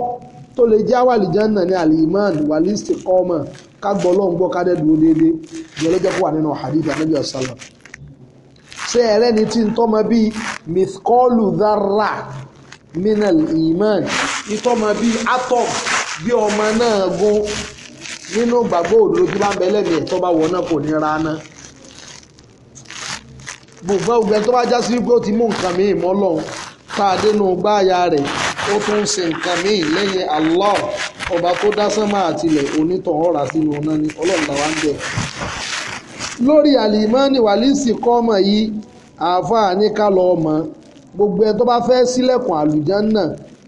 tó lè já wàlì jẹ́nà ní alimán wàlísì kọ́mọ̀ ká gbọ́ lọ́hùn gbọ́ ká dẹ́ dúró déédéé jẹ́ lọ́jọ́ kó wà nínú hadith anabi ọ̀sálà ṣé ẹlẹ́ni tí ń tọ́mọ bíi mithkọ́lù dharra minal iman ìtọ́mọ bíi atom bí ọmọ náà gún nínú gbàgbọ́ òdodo tí bá ń bẹ lẹ́mìí tó bá wọ̀ náà kò ní ra ná gbogbo ọgbẹ tó bá já sí wípé ó ti mú nǹkan míì mọ́ lọ́hùn tá a dénú gbáàyà rẹ̀ ó tún ṣe nǹkan míì lẹ́yìn Allah ọba tó dá sánmà àtìlẹ̀ onítàn ọ̀rà sínú ọ̀nà ni ọlọ́run làwa ń bẹ̀. lórí àlìmọ́ọ́nì wàlísì kọ́mọ̀ yìí àáfàá ní ká lọ ọmọ gbogbo ẹ tó bá fẹ́ sílẹ̀kùn àlùjánnà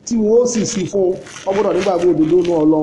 tí wọ́n ó sì sí fún ọgbọ́dọ̀ nígbàgbọ́ òdodo náà lọ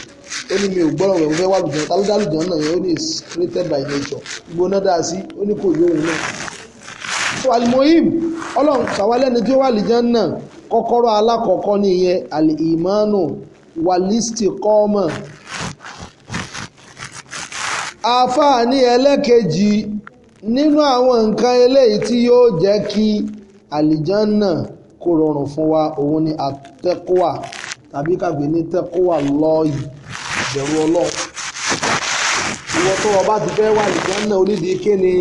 ó ní mi ò gbọ́rọ̀ rẹ̀ mo wà lùjọ́ ta ló dá lùjọ́ náà yẹn ó ní is created by nature gbóná dá sí ó ní kò yé òun náà. so alimohim ọlọ́run sàwálẹ́ni tí ó wà lùjọ́ náà kọ́kọ́rọ́ alákọ̀ọ́kọ́ ní ìyẹn alìmánu wàlísítì kọ́ọ̀mọ̀ àfààní ẹlẹ́kejì nínú àwọn nǹkan eléyìí tí yóò jẹ́ kí àlìjánà kó rọrùn fún wa òun ni àtẹ́kùwà tàbí kàgbé ní tẹ́kùwà lọ́ọ̀yì bẹ̀rù ọlọ́run ìwọ tó o bá ti fẹ́ wà nìkan náà onídìí ké ni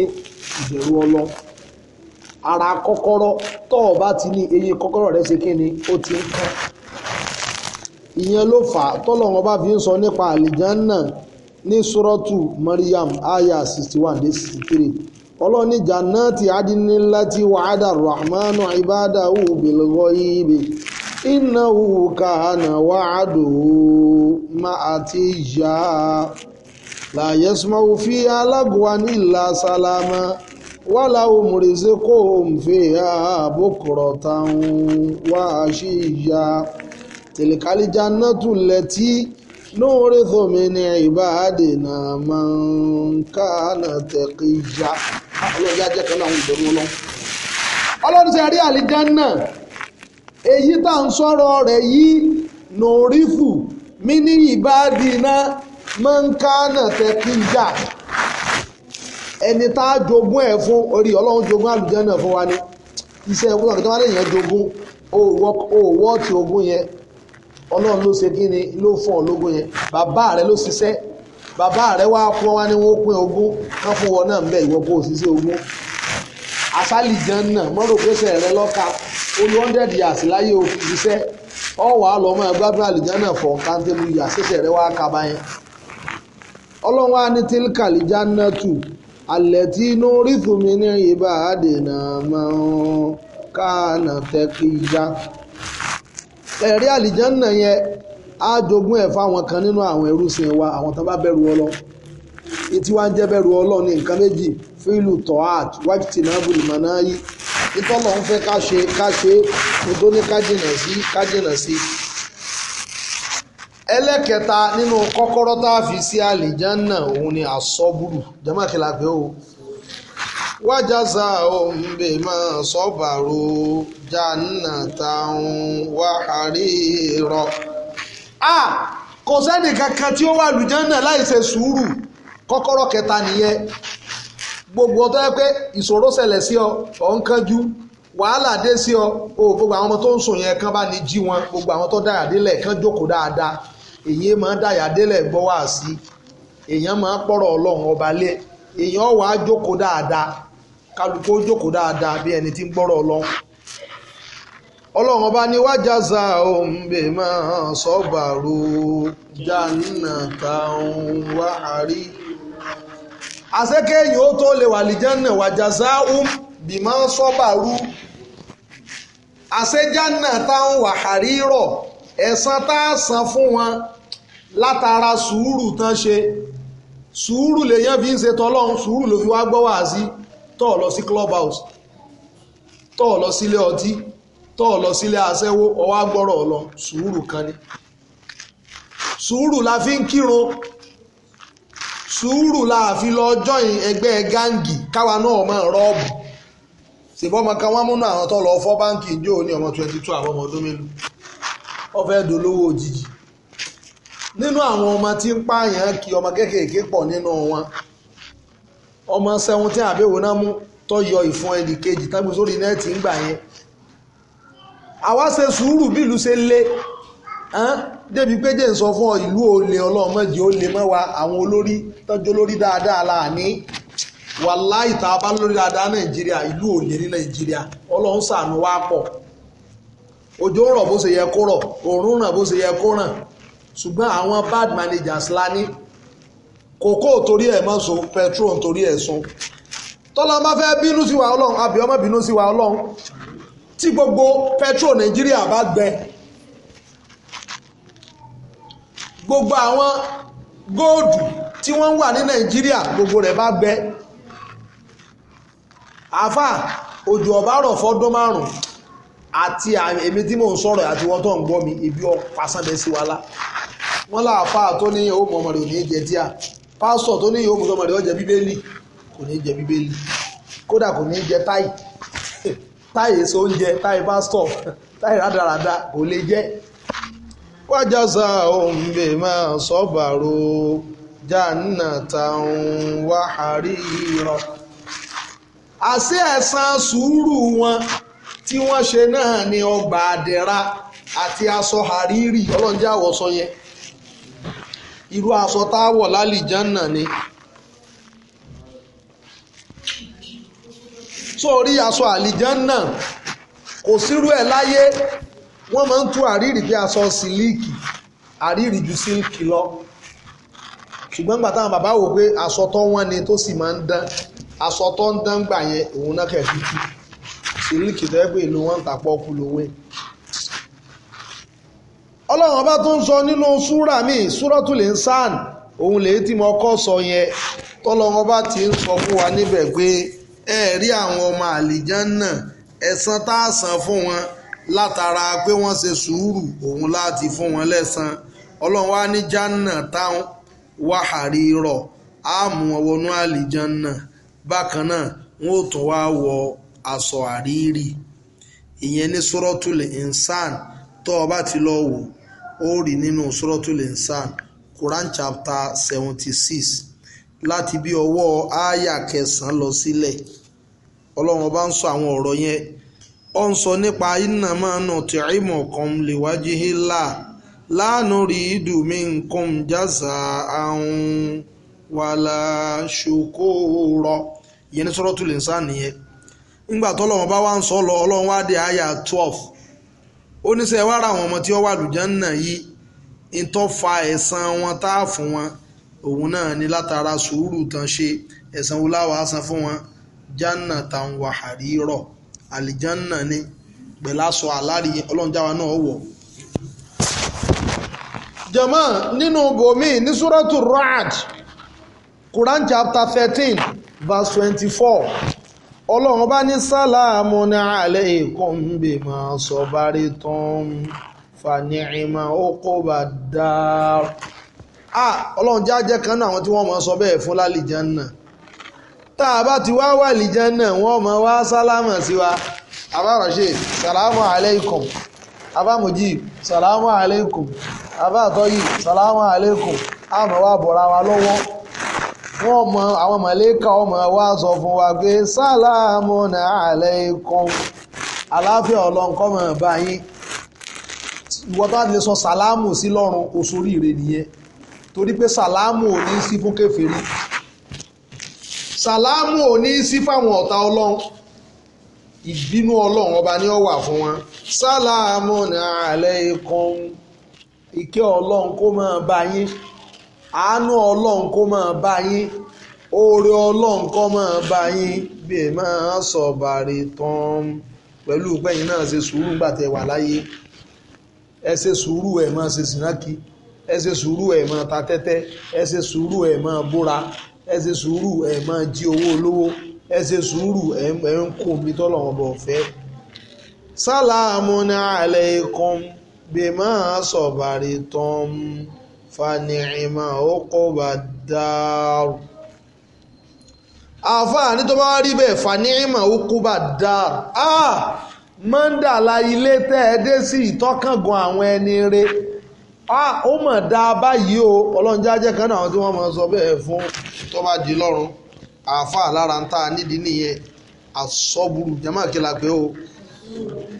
ìbẹ̀rù ọlọ́run ara kọ́kọ́rọ́ tó o bá ti ní eyín kọ́kọ́rọ́ rẹ ṣe ké ni ó ti ń kán ìyẹn ló fà á tọ́lọ́run bá fi ń sọ nípa àlìjánná ní sọ́rọ́tù Maryam aya sixty one dé sixty three ọlọ́ni jannati adinilati wàhádà rahmanu ibadahu bilgoyibi. إنه كان وعده مأتيا لا يسمع فيها لغوا إلا سلاما ولهم رزقهم فيها بكرة وعشيا تلك الجنة التي نورث من عبادنا من كان تقيا ọlọ́run jẹ́ àjẹkẹ́ náà ń bẹ̀rù èyí tá à ń sọ̀rọ̀ rẹ̀ yìí nòrífù mí ní ìbáàdì iná máa ń ká náà tẹ́ jà ẹni tá a jogún ẹ̀ fún orí ọlọ́run jogún àlùjẹ́ náà fún wa ni iṣẹ́ ìwúlọ̀ kí tó bá lè jogún òwò ti ogún yẹn ọlọ́run ló ṣe kí ni ló fún ọ lógún yẹn bàbá wa ni wọ́n pín ogún wọ́n fún wọn náà ń bẹ o ogún àṣálìjẹ́ náà mọ́rò pèsè rẹ olú hundred years láyé o fi ọ wàá lọ mọ ẹgbẹ́ àlìjánà for countable yà ṣẹṣẹ rẹ wàá kaba yẹn ọlọ́run á ní tílkà àlìjánà tù alẹ́ tí inú rífù mi ní ìbá àdènà máa ń kánà tẹ́kíyá ẹ̀rí àlìjánà yẹn á jogún ẹ̀ fáwọn kan nínú àwọn ẹrúsìn wa àwọn tó bá bẹ̀rù ọlọ́run etí wa ń jẹ́ bẹ̀rù ní nǹkan méjì fílù náà yìí ìtọ́lọ̀ ń fẹ́ ká ṣe ká ṣe odó ní ká jìnà sí ká jìnà sí. ẹlẹ́kẹta nínú kọ́kọ́rọ́ tá a fi sí àlìjánà òun ni àsọ́bùrù jẹ́mọ́ kí la pé o. wájàsá òun bè máa sọ́bàrò jánà táwọn wàhárí rọ. a kò sẹ́nì kankan tí ó wà lùjánà láì ṣe sùúrù kọ́kọ́rọ́ kẹta nìyẹn gbogbo ọtọ́ yẹ pé ìṣòro ṣẹlẹ̀ sí ọ ọ̀ ń wàhálà dé sí ọ o gbogbo àwọn ọmọ tó ń sùn yẹn kán bá ní jí wọn gbogbo àwọn tó dáyà délẹ̀ kán jókòó dáadáa èyí máa dáyà délẹ̀ gbọ́ wá sí èèyàn máa pọ̀rọ̀ ọlọ́run ọba lé èèyàn wà á jókòó dáadáa kálukú jókòó dáadáa bí ẹni tí ń gbọ́rọ̀ ọlọ́run ọlọ́run ọba ni wá jáza òǹbẹ̀ máa sọ́bàrò jannatan wá àríyá. àṣẹ́kẹ́yìn ó tó lè wà lìjánà wàjàsá um bìmọ̀ sọ́bàrú àṣẹjánà táwọn wàhárí rọ̀ ẹ̀san tá a san fún wọn látara sùúrù tán ṣe le lèyàn fi ń ṣe tọ́lọ́run sùúrù ló fi wá gbọ́ wàásí tọ́ lọ sí club house tọ́ lọ sílé ọtí tọ́ lọ sílé aṣẹ́wó ọwá gbọ́rọ̀ lọ sùúrù kan ni sùúrù la fi ń kírun sùúrù láàfin afilọ jọyìn ẹgbẹ́ gáǹgì káwa náà máa rọ́ọ̀bù ṣèbọn kan múnú àwọn tó lọ fọ́ báǹkì ìjọ ní ọmọ twenty ọmọ ọdún mélòó wọ́n fẹ́ẹ́ dolówó òjijì nínú àwọn ọmọ tí ń pààyàn kí ọmọ kéékèèké pọ̀ nínú wọn ọmọ sẹ́wọ́n àbẹ̀wò náà mú tó yọ ẹnì kejì sórí nẹ́ẹ̀tì ń gbà yẹn débi pé jẹ́ ń sọ fún ọ ìlú olè ọlọ́mọdé olè mẹ́wàá àwọn olórí tọ́jú olórí dáadáa la ní wàláì tá a bá lórí dáadáa nàìjíríà ìlú olè ní nàìjíríà ọlọ́run ṣàánú wa pọ̀ òjò ń rọ̀ bó ṣe yẹ kó rọ̀ òórùn ràn bó ṣe yẹ kó ràn ṣùgbọ́n àwọn bad managers la ní kòkó torí ẹ̀ mọ́ so petrol torí ẹ̀ sun tọ́lá má fẹ́ bínú sí wa ọlọ́run àbí ọmọ bínú sí wa ọlọ́run tí gbogbo petrol nàìjíríà bá gbẹ gbogbo àwọn góòdù tí wọ́n wà ní nàìjíríà gbogbo rẹ̀ bá gbẹ àfà òjò ọ̀bá rọ̀ fọ́dún márùn-ún àti èmi tí mò ń sọ̀rọ̀ àti wọ́n tó ń gbọ́ mi ibi ọ̀pá sábẹ́ sí wa lá wọ́n láàfà tó ní ìyàwó mọ̀mọ́ rẹ̀ ò ní jẹ díà pásọ̀ tó ní ìyàwó mọ̀mọ́ rẹ̀ ó jẹ bíbélì kò ní jẹ bíbélì kódà kò ní jẹ táì <laughs> táì èso oúnjẹ táì pásítọ̀ <laughs> táì rádaràda kò lè jẹ́ وجزاهم بما صبروا جنة وحريرا àṣé ẹ̀san sùúrù wọn tí wọ́n ṣe náà ni ọgbà àdẹ̀ra àti aṣọ àrírí ọlọ́njẹ́ àwọ̀sọ yẹn irú aṣọ tá a wọ̀ lálìjánà ni sórí aṣọ àlìjánà kò sírú ẹ̀ láyé wọ́n máa ń tú àríìrì bí aṣọ sílíìkì àríìrì ju sílíìkì lọ ṣùgbọ́n nígbà táwọn bàbá wò pé aṣọ tó wọ́n ni tó sì máa ń dán aṣọ tó ń dán gbà yẹn òun náà kẹ̀ fi tú sílíìkì tó yẹ pé ìlú wọn ń tàpọ̀ kú lówó ọlọ́run bá tó ń sọ nínú súrà mi súratul insan òun lè tí mo kọ́ sọ yẹn tọ́lọ́run bá ti ń sọ fún wa níbẹ̀ pé ẹ̀ẹ́rí àwọn ọmọ àlìján náà ẹ̀san tá a san fún wọn látara pé wọ́n ṣe sùúrù òun láti fún wọn lẹ́san ọlọ́run wá ní jánà táwọn wàhárí rọ̀ á mú wọn wọnú àlìjánà bákan náà wọn ò tún wá wọ aṣọ àríìrì ìyẹn ní sọ́rọ́tùlẹ̀ insan tó o bá ti lọ wò ó rí nínú sọ́rọ́tùlẹ̀ insan Quran chapter seventy six láti bí ọwọ́ àyà kẹsàn-án lọ sílẹ̀ ọlọ́run ọba ń sọ àwọn ọ̀rọ̀ yẹn ó ń sọ nípa innama nut'imukum liwajhillah la nuridu minkum jaza'an wala shukura ìyẹn ní Suratul Insan nìyẹn ńgbà tọ́lọ́wọ́n bá wá ń sọ lọ ọlọ́run wá dé àyà twelve ó ní sẹ́ wá ọmọ tí wọ́n wà lùjánná yìí fa wọn tá a fún wọn òun náà ni látara sùúrù tán ṣe láwàá san fún wọn àlìjánná ni pẹ̀lú alari, àlárí ọlọ́njáwa náà wọ̀. jama nínú bomi ní suratu Ra'd Quran chapter thirteen verse twenty-four ọlọ́run bá ní sáláàmù ní alẹ́ ìkọ́n bí máa sọ bárí tán fanìíma ọkọ̀ bá dáa. Ah, ọlọ́run jájẹ́ kan náà àwọn tí wọ́n máa sọ bẹ́ẹ̀ fún lálìjánná tá a bá ti wá wà lìjánà wọ́n mọ̀ wá sálámà sí wa abáràṣe sàlámù aleikum abámujì sàlámù aleikum abátọ́yì sàlámù aleikum àmọ́ wa bọ̀ra wa lọ́wọ́ wọ́n mọ àwọn mọ̀lẹ́kà ọmọ wa sọ fún wa pé sàlámù aleikum àláfíà ọlọ́nkọ́mọ̀ báyìí ìwọ tó lè sọ sàlámù sí lọ́rùn oṣù oríire nìyẹn torí pé sàlámù ò ní sí fún kèfèrí sàlámù ò ní sí fáwọn ọ̀tá ọlọ́run ìbínú ọlọ́run ọba ni ó wà fún wọn sàlámù aláìkùm ìkẹ́ ọlọ́run kó máa bá yín àánú ọlọ́run kó máa bá yín oore ọlọ́run kó máa bá yín bẹ́ẹ̀ máa sọ bàrè tán pẹ̀lú pẹ́yìn náà ṣe sùúrù nígbà tẹ́ wà láyé ẹ ṣe sùúrù ẹ̀ máa ṣe sìnákì ẹ ṣe sùúrù ẹ̀ máa ta tẹ́tẹ́ ẹ ṣe sùúrù ẹ̀ máa búra ẹ ṣe sùúrù ẹ máa jí owó olówó ẹ ṣe sùúrù ẹ ń kó omi tọ́lọ̀ wọn bọ̀ fẹ́. sálámù ní alẹ́ kan bí máa sọ̀bàrì tán fani ó kọ́ bá dáàrú. àfààní tó bá rí bẹ́ẹ̀ fani ó kọ́ bá dáàrú. Ah! mọ́ńdàlá ilé tẹ́ ẹ dé sí ìtọ́kàngún àwọn ẹni rẹ̀ ah ó mọ̀ dáa báyìí o ọlọ́run jájẹ́ kan náà tí wọ́n máa sọ bẹ́ẹ̀ fún tó bá di lọ́rùn àáfàá lára ń tà nídìí nìyẹn asọ́bùrù jama kìlà pé o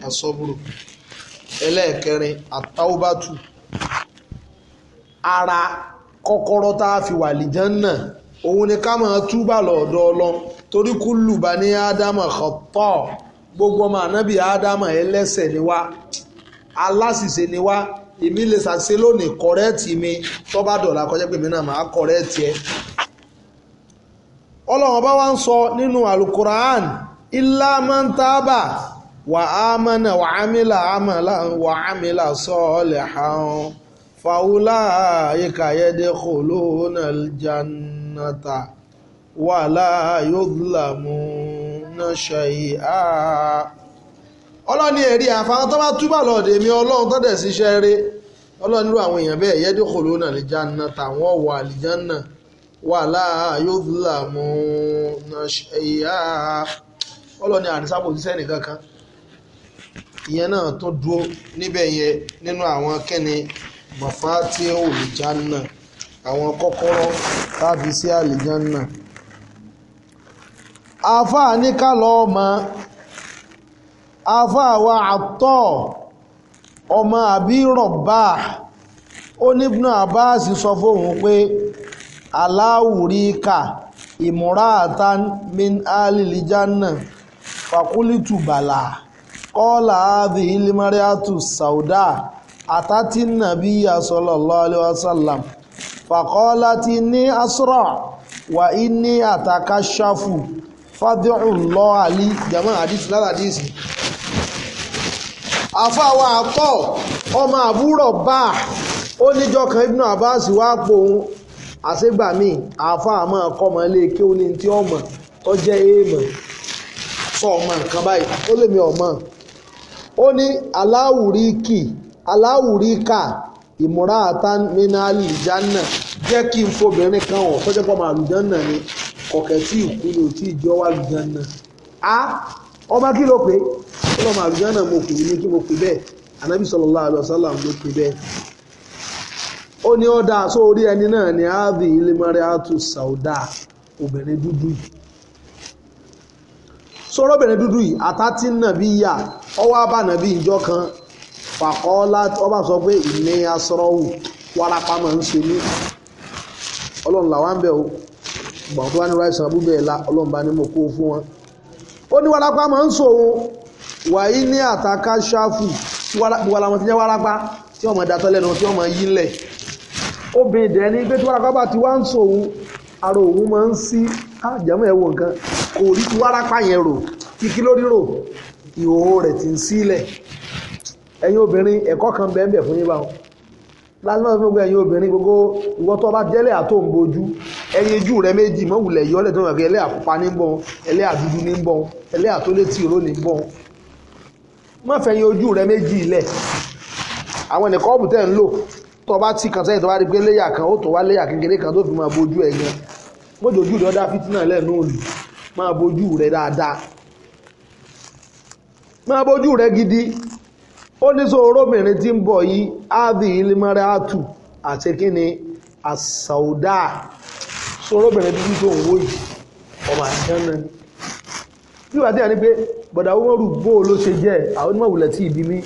asọ́bùrù ẹlẹ́ẹ̀kẹrin àtàwọ́bàtù ara kọ́kọ́rọ́ tá a fi wà lìjàn náà òun ni ká máa túbà lọ́dọ̀ ọlọ́run torí kúlù bá ní ádámà kọ̀tọ́ gbogbo ọmọ ànábì ádámà ẹlẹ́ṣẹ̀ ni wá aláṣìṣe ni wá èmi lè ṣàṣe lónìí kọ̀rẹ́ẹ̀tì mi tó bá dọ̀la kọjá pé èmi náà máa kọ̀rẹ́ẹ̀tì ẹ. ọlọ́run bá wá ń sọ nínú alukur'an ilá máa ń tábà wà á mọ̀nà wà á mílà àmàlà wà á mílà sọ́ọ̀lẹ̀ àwọn fàwùlà ayíkàyẹ́dẹ́ kò lóhùnà jannata wà láàyò gbìlàmù náà ṣe ọlọ́ni ẹ̀rí àfahàn tó bá túbà lọ́ọ̀dẹ̀ mi ọlọ́run tó dẹ̀ síṣẹ́ rere ọlọ́run nírú àwọn èèyàn bẹ́ẹ̀ yẹ́dí kòló náà lè jáná tàwọn wà àlìjánà wà láàyò láàmú ẹ̀yà ọlọ́ni àdìsábò síṣẹ́ nìkan kan ìyẹn náà tó dúró níbẹ̀ yẹn nínú àwọn kẹ́ni bàfá tí ó lè jáná àwọn kọ́kọ́rọ́ tàbí sí àlìjánà àfáà ní ká lọ́ọ́ máa afáàwà àtọ́ ọmọ àbí rọ̀bá ó ní Ibn Abbas sọ fóun pé aláwùríkà imra'atan min alìlì jánà fàkúlìtù bàlà kọ́lá àdì ilimariatu sauda àtàtì nàbíyà sallallahu alaihi wasallam fàkọ́látì ní asra wà ní àtàkà ṣáfù fàdíhùn lọ́ àlì jama àdìsí lára àdìsí àfáwà àtọ̀ ọmọ àbúrò bá ó níjọ́ kan Ibn Abbas wá pò ń àṣegbà míì àfá àmọ́ ọkọ̀mọ ilé kí ó ní tí ọmọ tó jẹ́ èèmọ̀ sọ ọmọ nǹkan báyìí ó lèmi ọmọ ó ní aláwùríkì aláwùríkà ìmúra àtàmínálì ìjánà jẹ́ kí n fobìnrin kan ọ̀ tọ́jọ́ pọ̀ màlúùjánà ni kọ̀kẹ́ tí ìkú ni ò tí ìjọ wà lùjánà á ọba kí ló pé ọlọ́mọ àlùjánà mo pè ní kí mo pè bẹ́ẹ̀ anábì sallallahu alaihi ló pè bẹ́ẹ̀ ó ní ọ̀dà orí ẹni náà ní áàbì ilé mọ́rẹ́ àtú sàúdà obìnrin dúdú yìí sọ̀rọ̀ obìnrin dúdú yìí àtàtì nàbí yà ọwọ́ ọba sọ pé ìní asọ́rọ́wù wárápá máa ń ṣe ní ọlọ́run làwọn bẹ̀ ọ́ ní ráìsàn ọlọ́run ó ní warapa ma ń sọ òun wàyí ní àtàkà ṣáfù gbogbo àwọn ti jẹ́ warapa tí wọ́n máa tí wọ́n yí lẹ̀ obìnrin dẹ̀ ní pé tí warapa bá ti wá ń sọ òun ara òun máa ń sí àjẹmọ́ ẹ̀wọ̀ nǹkan kò rí ti warapa yẹn rò kíkí lórí rò ìhòòhò rẹ̀ ti ń sílẹ̀ ẹ̀yin obìnrin ẹ̀kọ́ kan bẹ́ẹ̀ fún yín fún gbogbo gbogbo bá jẹ́lẹ̀ àtòǹbojú ẹyin ojú rẹ méjì mọ wulẹ̀ yọ ọlẹ tó wọn kẹ ẹlẹ́yà pupa ní bọ ẹlẹ́yà dúdú ní bọ ẹlẹ́yà tó létí ìró ní bọ má fẹ̀yìn ojú rẹ méjì àwọn ń lò tó bá tì kàn tó bá rí pé léyà kan kan tó fi máa gan rẹ òòlù máa rẹ gidi ó ní sọ orómìnrin tí ń yìí sọ̀rọ̀ obìnrin dúdú tó ń wó yìí ọmọ àjẹ́nà ni bí wà díẹ̀ ni pé bọ̀dà wọ́n rù bó ló ṣe jẹ́ àwọn onímọ̀ wùlẹ̀ tí ìbí mi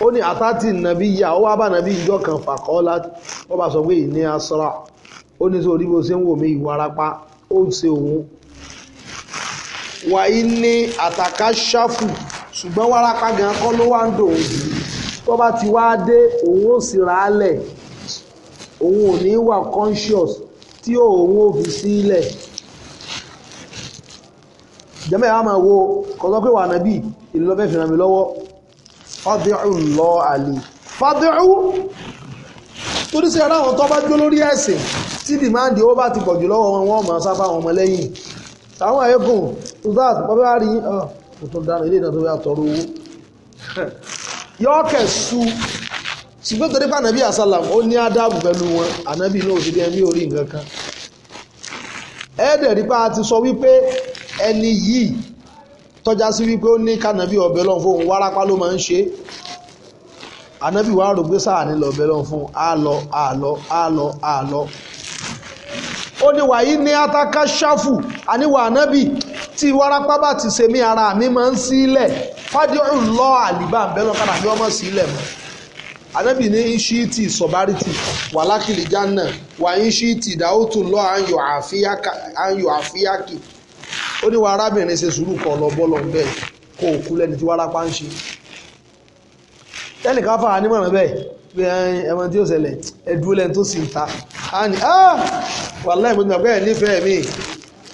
ó ní àtàtì nàbí yà ó wá bá nàbí ìjọ kan fàkọ́ láti wọ́n bá sọ pé ìní asra ó ní sọ orí bó ṣe ń wò mí ìwarapa ó ṣe òun wàyí ní àtàkà ṣáfù ṣùgbọ́n wárápá gan kọ́ ló wá ń dòun jù tó bá ti wá dé òun ó sì ra á lẹ̀ òun ò ní wà conscious tí òun ò fi sílẹ̀ jẹ́mẹ́ àwọn máa wo kọ́sọ́ pé wà nábì ìlú lọ́fẹ́ fi ràn mí lọ́wọ́ ọdíhù lọ àlè fàdíhù torí sí ara àwọn tó bá jó lórí ẹ̀sìn tí dìmáàdì ó bá ti pọ̀jù lọ́wọ́ wọn wọ́n máa sábà wọn mọ́ lẹ́yìn táwọn ẹ̀kùn tó dáa tó bá rí ọ̀tún ah, dáná ilé ìdáná tó bá tọrọ owó yọ́ọ̀kẹ̀ su ṣùgbọ́n torí pé ànábì àsálàm ó ní ádámù pẹ̀lú wọn ànábì náà ò sì dé ẹni orí nǹkan kan ẹ̀ẹ́dẹ̀rí pa ti sọ wípé ẹni yìí tọ́já sí wípé ó ní kànábì ọ̀bẹ lọ́n fún òun wárápá ló máa ń ṣe ànábì wàá rò pé sáà ní lọ́bẹ lọ́n fún á lọ á lọ á lọ á lọ. ó ní wàyí ní ataka ṣáfù àníwà ànábì tí wárápá bá ti ṣe mí ara mi máa ń sílẹ̀ fádìrún lọ àlìbá àbẹ́lọ́n kànábì ọmọ sílẹ̀ mọ́ anabi ní inṣíìtì sọ̀bárìtì wà lákìlì jánà wà inṣíìtì ìdáhùtù lọ àyọ̀ àfíyákì ó ní wa arábìnrin ṣe sùúrù kọ̀ lọ bọ́lọ̀ bẹ́ẹ̀ kó o kú lẹ́ni tí wárápá ń ṣe tẹ́lẹ̀ káfà nímọ̀ràn bẹ́ẹ̀ pé ẹmọ tí ó ṣẹlẹ̀ ẹdúró lẹ́ni tó sì ń ta á ní á wà láì mo ní ọ̀gbẹ́ mi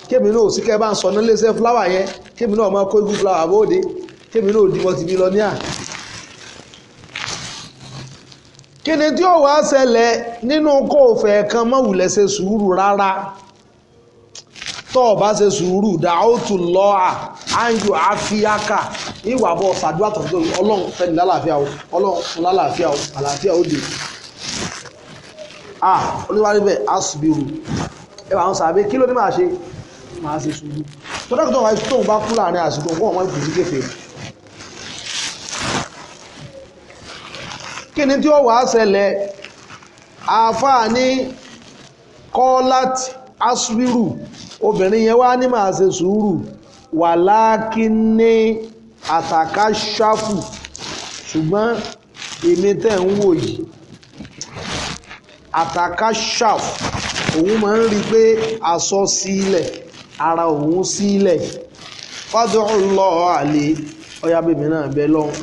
kémi náà ò bá ń sọ ní iléeṣẹ́ fúláwà yẹn kémi náà máa kó igú fúláwà bóde kémi náà ò di mọ́tìbí lọ ní à kíni tí ó wá ṣẹlẹ̀ nínú kó o fẹ́ kan mọ́wùlẹ̀ ṣe sùúrù rárá tó o bá ṣe sùúrù dá ó tún lọ à áńjò àfíàkà ìwà bọ̀ ṣàdúrà tọ̀tọ̀ ọlọ́run fẹ́ni lálàáfíà o ọlọ́run fún lálàáfíà o àlàáfíà ó dé ah olúwarí bẹ́ẹ̀ asubiru ẹ wà ń sàbẹ̀ kí ló ní máa ṣe máa ṣe sùúrù tọ́lá tó ń bá kú láàrin àsìkò kó ọmọ ìbùsí kéfèé kí ni tí ó wàá ṣẹlẹ̀ àáfàá ní kọ́lát aswiru obìnrin yẹn wá ní màá ṣe sùúrù wàlákin ní àtàkà ṣáfù ṣùgbọ́n èmi tẹ́ ń wò yìí àtàkà ṣáfù òun máa ń rí pé aṣọ sílẹ̀ ara òun sílẹ̀ fádùn lọ́ọ́ àlè ọ̀yà náà bẹ́ lọ́hùn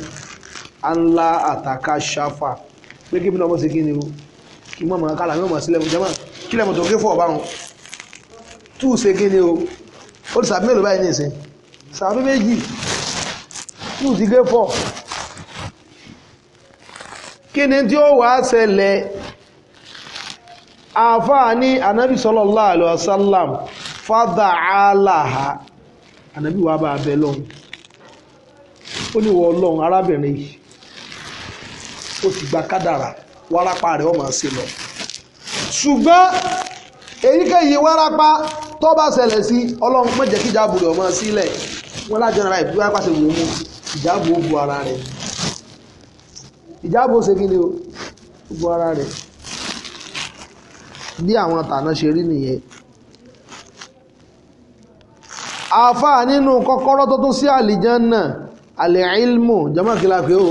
anla àtàkà ṣáfà pé kí mímọ́ sí kí ni o kí mọ́ màá kálà mímọ́ sílẹ̀ mọ́ jẹ́mọ́ kí lẹ́mọ̀ tó gé fọ́ ọ̀bá wọn tú ṣe kí ni o ó ti sàbí mélòó báyìí ní ìsìn sàbí méjì tú ti gé fọ́ kí ni tí ó wàá ṣẹlẹ̀ àfáà ní anabi sallallahu alaihi wasallam fada alaha anabi wàá bá a bẹ lọ́hùn ó ní wọ́ọ́ lọ́hùn arábìnrin yìí ó ti gba kádàrà wárápá rẹ̀ ó máa ṣe lọ. ṣùgbọ́n èyíkéyìí wárápá tó bá ṣẹlẹ̀ sí ọlọ́run má jẹ́ kí ìjáàbù rẹ̀ ó máa sílẹ̀ wọn lájọ ara ìbí wárápá ṣe wò ó mú ìjáàbù ó bu ara rẹ̀ ìjáàbù ó ṣe kí ni ó bu ara rẹ̀ bí àwọn tàná ṣe rí nìyẹn àáfàá nínú kọ́kọ́rọ́ tó tún sí àlìjánná àlẹ́ ìlmù jọmọ́ kìláfẹ́ o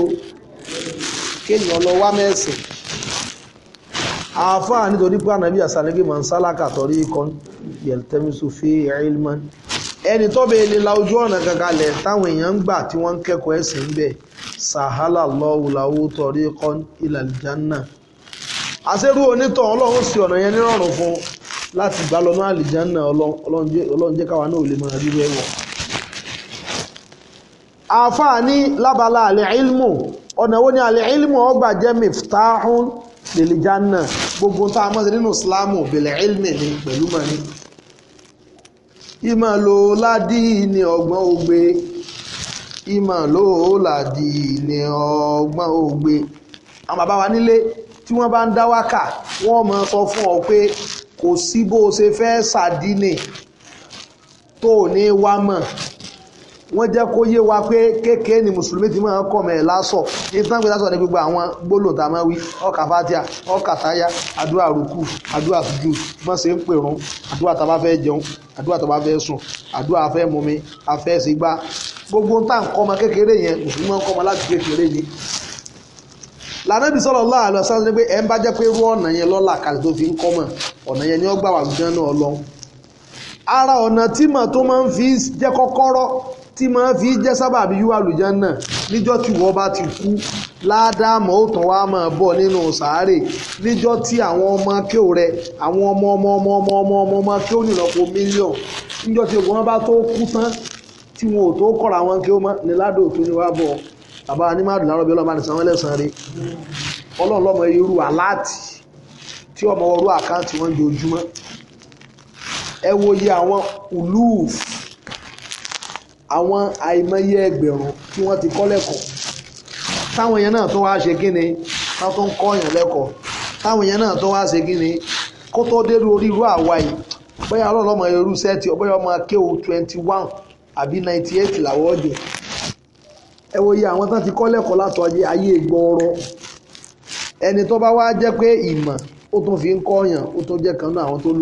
kéèyàn lọ wá mẹ́sìn àáfàá nítorí pé ànábì àsàlẹ́gì máa ń sálákà tọ́rí kan yẹ̀lítẹ́mísù fi ilman ẹni tó bẹ ilé la ojú ọ̀nà kankanlẹ̀ táwọn èèyàn ń gbà tí wọ́n ń kẹ́kọ̀ọ́ ẹ̀sìn ń bẹ̀ sàhálà lọ́wọ́ làwọ́ tọ́rí kan ìlàlìjánà àṣẹ́rú onítọ̀ ọlọ́run sì ọ̀nà yẹn nírọ̀rùn fún láti gbà lọ́nà àlìjánà ọlọ́run káwa náà ò lè máa rí rẹ́wọ̀n àáfàá ní lábala àlẹ́ ilmu ọ̀nà wo ni alẹ́ ilmu ọgbà jẹ́ miftahun lilijanna gbogbo tá a mọ̀ sí nínú islamu bẹ̀lẹ̀ ilmi ni pẹ̀lú mọ̀ ni ìmọ̀ ló ládì ní ọgbọ́n ògbé ìmọ̀ ló ládì ní ọgbọ́n ògbé àwọn bàbá wa nílé tí wọ́n bá ń dá wọ́n mọ̀ sọ fún ọ pé kò sí bó o ṣe fẹ́ sàdínì tó ní wá wọ́n jẹ́ kó yé wa pé kékeré ni mùsùlùmí ti máa ń kọ̀ mẹ́ẹ̀ lásọ̀ ìtàn pé lásọ̀ ní gbogbo àwọn gbólóhùn tá a máa wí ọkà fatia ọkà táyà àdúrà rúkú àdúrà fìdú wọ́n ṣe ń pè rún àdúrà tá a bá fẹ́ jẹun àdúrà tá a bá fẹ́ sùn àdúrà a fẹ́ mumi a fẹ́ sí gbá gbogbo tá à ń kọ́ ọmọ kékeré yẹn mùsùlùmí máa ń kọ́ láti kékeré yẹn lànàbí sallallahu alaihi ara ọ̀nà tí màá tó máa ń fi jẹ́ kọ́kọ́rọ́ tí máa fi jẹ́ sábàbí yíwá àlùjánnà níjọ́ tí wọ́n bá ti kú ládàámọ̀ ó tàn wá máa bọ̀ nínú sàárè níjọ́ tí àwọn ọmọ kéwò rẹ àwọn ọmọ ọmọ ọmọ ọmọ ọmọ ọmọ ọmọ kéwò nìlọ́pọ̀ mílíọ̀n níjọ́ tí wọ́n bá tó kú tán tí wọn ò tó kọ́ra àwọn kéwò mọ́ ní ládò tó ní wá bọ̀ bàbá ní má dùn lárọ́ bí ọlọ́mọ àdìsàn wọn lẹ́sàn-án rí ọlọ́run lọ́mọ irú aláàtì tí ọmọ ọrú àkáǹtì wọn jojúmọ́ ẹ wo iye àwọn ulúùfù àwọn àìmọye ẹgbẹ̀rún tí wọ́n ti kọ́ lẹ́kọ̀ọ́ táwọn èèyàn náà tó wá ṣe kí ni ká tó ń kọ́ èèyàn lẹ́kọ̀ọ́ táwọn èèyàn náà tó wá ṣe kí ni kó tó dé lórí irú àwa yìí bóyá ọlọ́lọ́mọ irú sẹ́ẹ̀tì bóyá ọmọ akéwò twenty àbí ninety eight làwọ̀ ẹ wo iye àwọn ti kọ́ lẹ́kọ̀ọ́ ayé ẹni tó bá wá jẹ́ pé ìmọ̀ ó tún fi ń kọ́ èèyàn ó tún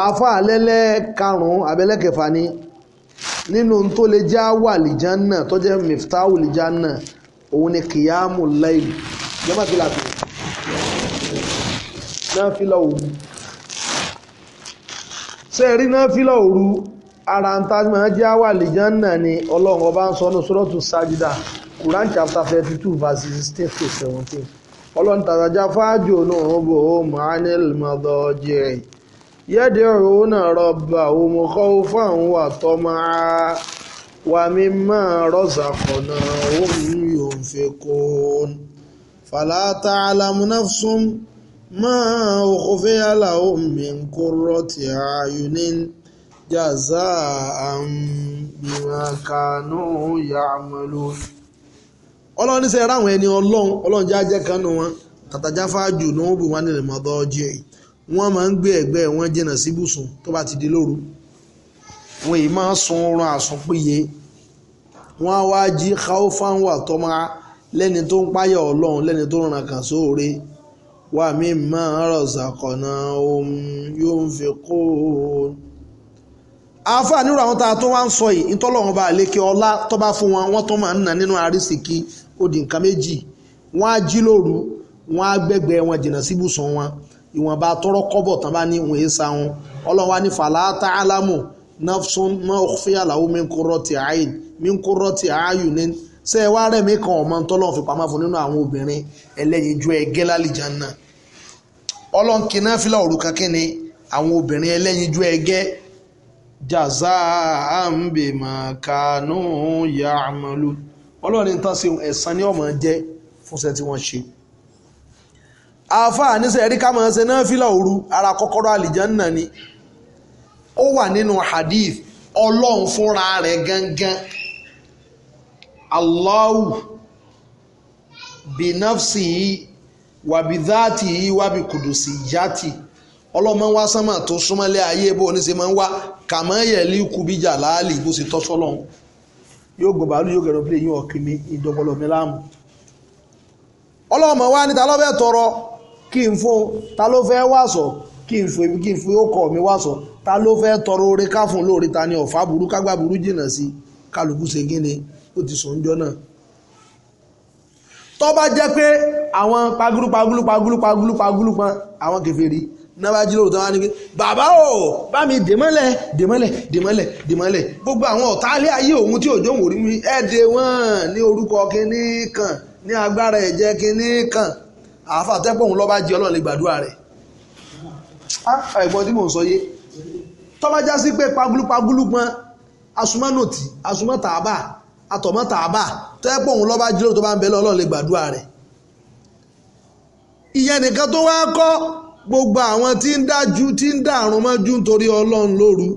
àáfà lẹ́lẹ́ karùn-ún abẹ́lẹ́kẹfà ni nínú tó lè já wà lìjánà tó jẹ́ miftahu lìjánà òun ni kìyàmù láìlì jẹ́mọ́ fi làbí náà fi lọ òru ṣe rí náà fi lọ òru ara ń ta máa já wà lìjánà ni ọlọ́run ọba ń sọ ní sọ́dọ̀tún sájídà Quran chapter thirty two verse sixteen to seventeen ọlọ́run tàbí ajá fáájò náà ó bò ó mọ̀ á ní ìlú mọ́tò yad'una rabbahum khawfan wa tama'an wa mimma razaqnahum yunfiqun fala ta'lamu nafsun ma ukhfiya lahum min qurrati a'yunin jaza'an bima kanu ya'malun ọlọ́run ní sẹ́yìn ráwọn ẹni ọlọ́run ọlọ́run jẹ́ ajẹ́ kan nù wọn tàtàjáfáàjù ní wọ́n bù wọn nílẹ̀ mọ́tọ́ ọjọ́ yìí wọ́n máa ń gbé ẹ̀gbẹ́ wọn jìnnà síbùsùn tó bá ti di lóru wọn èyí máa ń sun oorun àsùnpìyẹ wọ́n á wá jí káófán wà tọ́mọ́ lẹ́ni tó ń páyà ọlọ́run lẹ́ni tó ń ràn kàn sóore wà mí máa rọ̀ ṣàkọ̀nà ohun yóò ń fi kó o. àáfàá nírú àwọn tá a tó wá ń sọ yìí nítọ́lọ́run bá lékè ọlá tó bá fún wọn wọ́n tó máa ń nà nínú àrísìkí ó nǹkan méjì wọ́n á jí lóru wọ́n á gbẹ́gbẹ́ wọn jìnnà síbùsùn wọn ìwọ̀nba tọrọ kọ́bọ̀ tán bá ní ìwọ̀n èsà wọn ọlọ́run wá ní fàlà ta'alamu nafsun ma ukhfiya lahum min qurrati a'yun min qurrati a'yunin ṣé ẹ wá rẹ̀mí kan ọ̀mọ́ tọ́lọ́run fi pamọ́ fún nínú àwọn obìnrin ẹlẹ́yinjú ẹgẹ́ lálìjáná ọlọ́run kìnnà fílà òrùka kínni àwọn obìnrin ẹlẹ́yinjú ẹgẹ́ jazaa'an bima kanu ya'malu ọlọ́run ní tán sí ẹ̀san ní ọ̀mọ́ jẹ́ fúnṣẹ́ tí wọ́n ṣe Afa níṣẹ́ rí ká máa ṣe náfìlà òru ara kọ́kọ́rọ́ ni o wa n'inu hadith ọlọ́run funra rẹ̀ gangan Allahu binafsihi wàbídáàtì wàbí kùdùsì yàtì ọlọ́mọ wa sánmà tó súnmọ́lé ayé bó ní ṣe máa ń wá kàmáyẹ̀lì kùbíjà láàlì bó ṣe kí n fún ta ló fẹ́ wàsọ kí n fún kí n fún ọkọ mi wàsọ ta ló fẹ́ tọrọ oore ká fún lóore ta ni ọ̀fà burú kágbá burú jìnnà sí kálukú ṣe gíni ó ti sùn jọ náà tó bá jẹ́ pé àwọn pagulu pagulu pagulu pagulu pagulu pọn àwọn kèfèrí náà bá jí lóru tó wá ní pé bàbá o bá mi dèmọ́lẹ̀ dèmọ́lẹ̀ dèmọ́lẹ̀ dèmọ́lẹ̀ gbogbo àwọn ọ̀tá alẹ́ ayé òun tí òjò ń wò rí mi ẹ̀ dé wọ́n ní orúkọ kínní kan ní agbára ẹ̀jẹ̀ kínní kan àáfà tẹ́pọ̀ òun lọ́ba jí ọlọ́run lè gbàdúrà rẹ̀ ẹ̀gbọ́n tí mò ń sọ yé tọ́ba já sí pé pagulupagulu pọn asumánòtì asumátàábà atọ̀mátàábà tẹ́pọ̀ òun lọ́ba jí ọlọ́run tó bá ń bẹ lọ́lọ́run lè gbàdúrà rẹ̀ ìyẹn nìkan tó wá kọ́ gbogbo àwọn tí ń dájú tí ń dàrún mọ́jú nítorí ọlọ́run lóru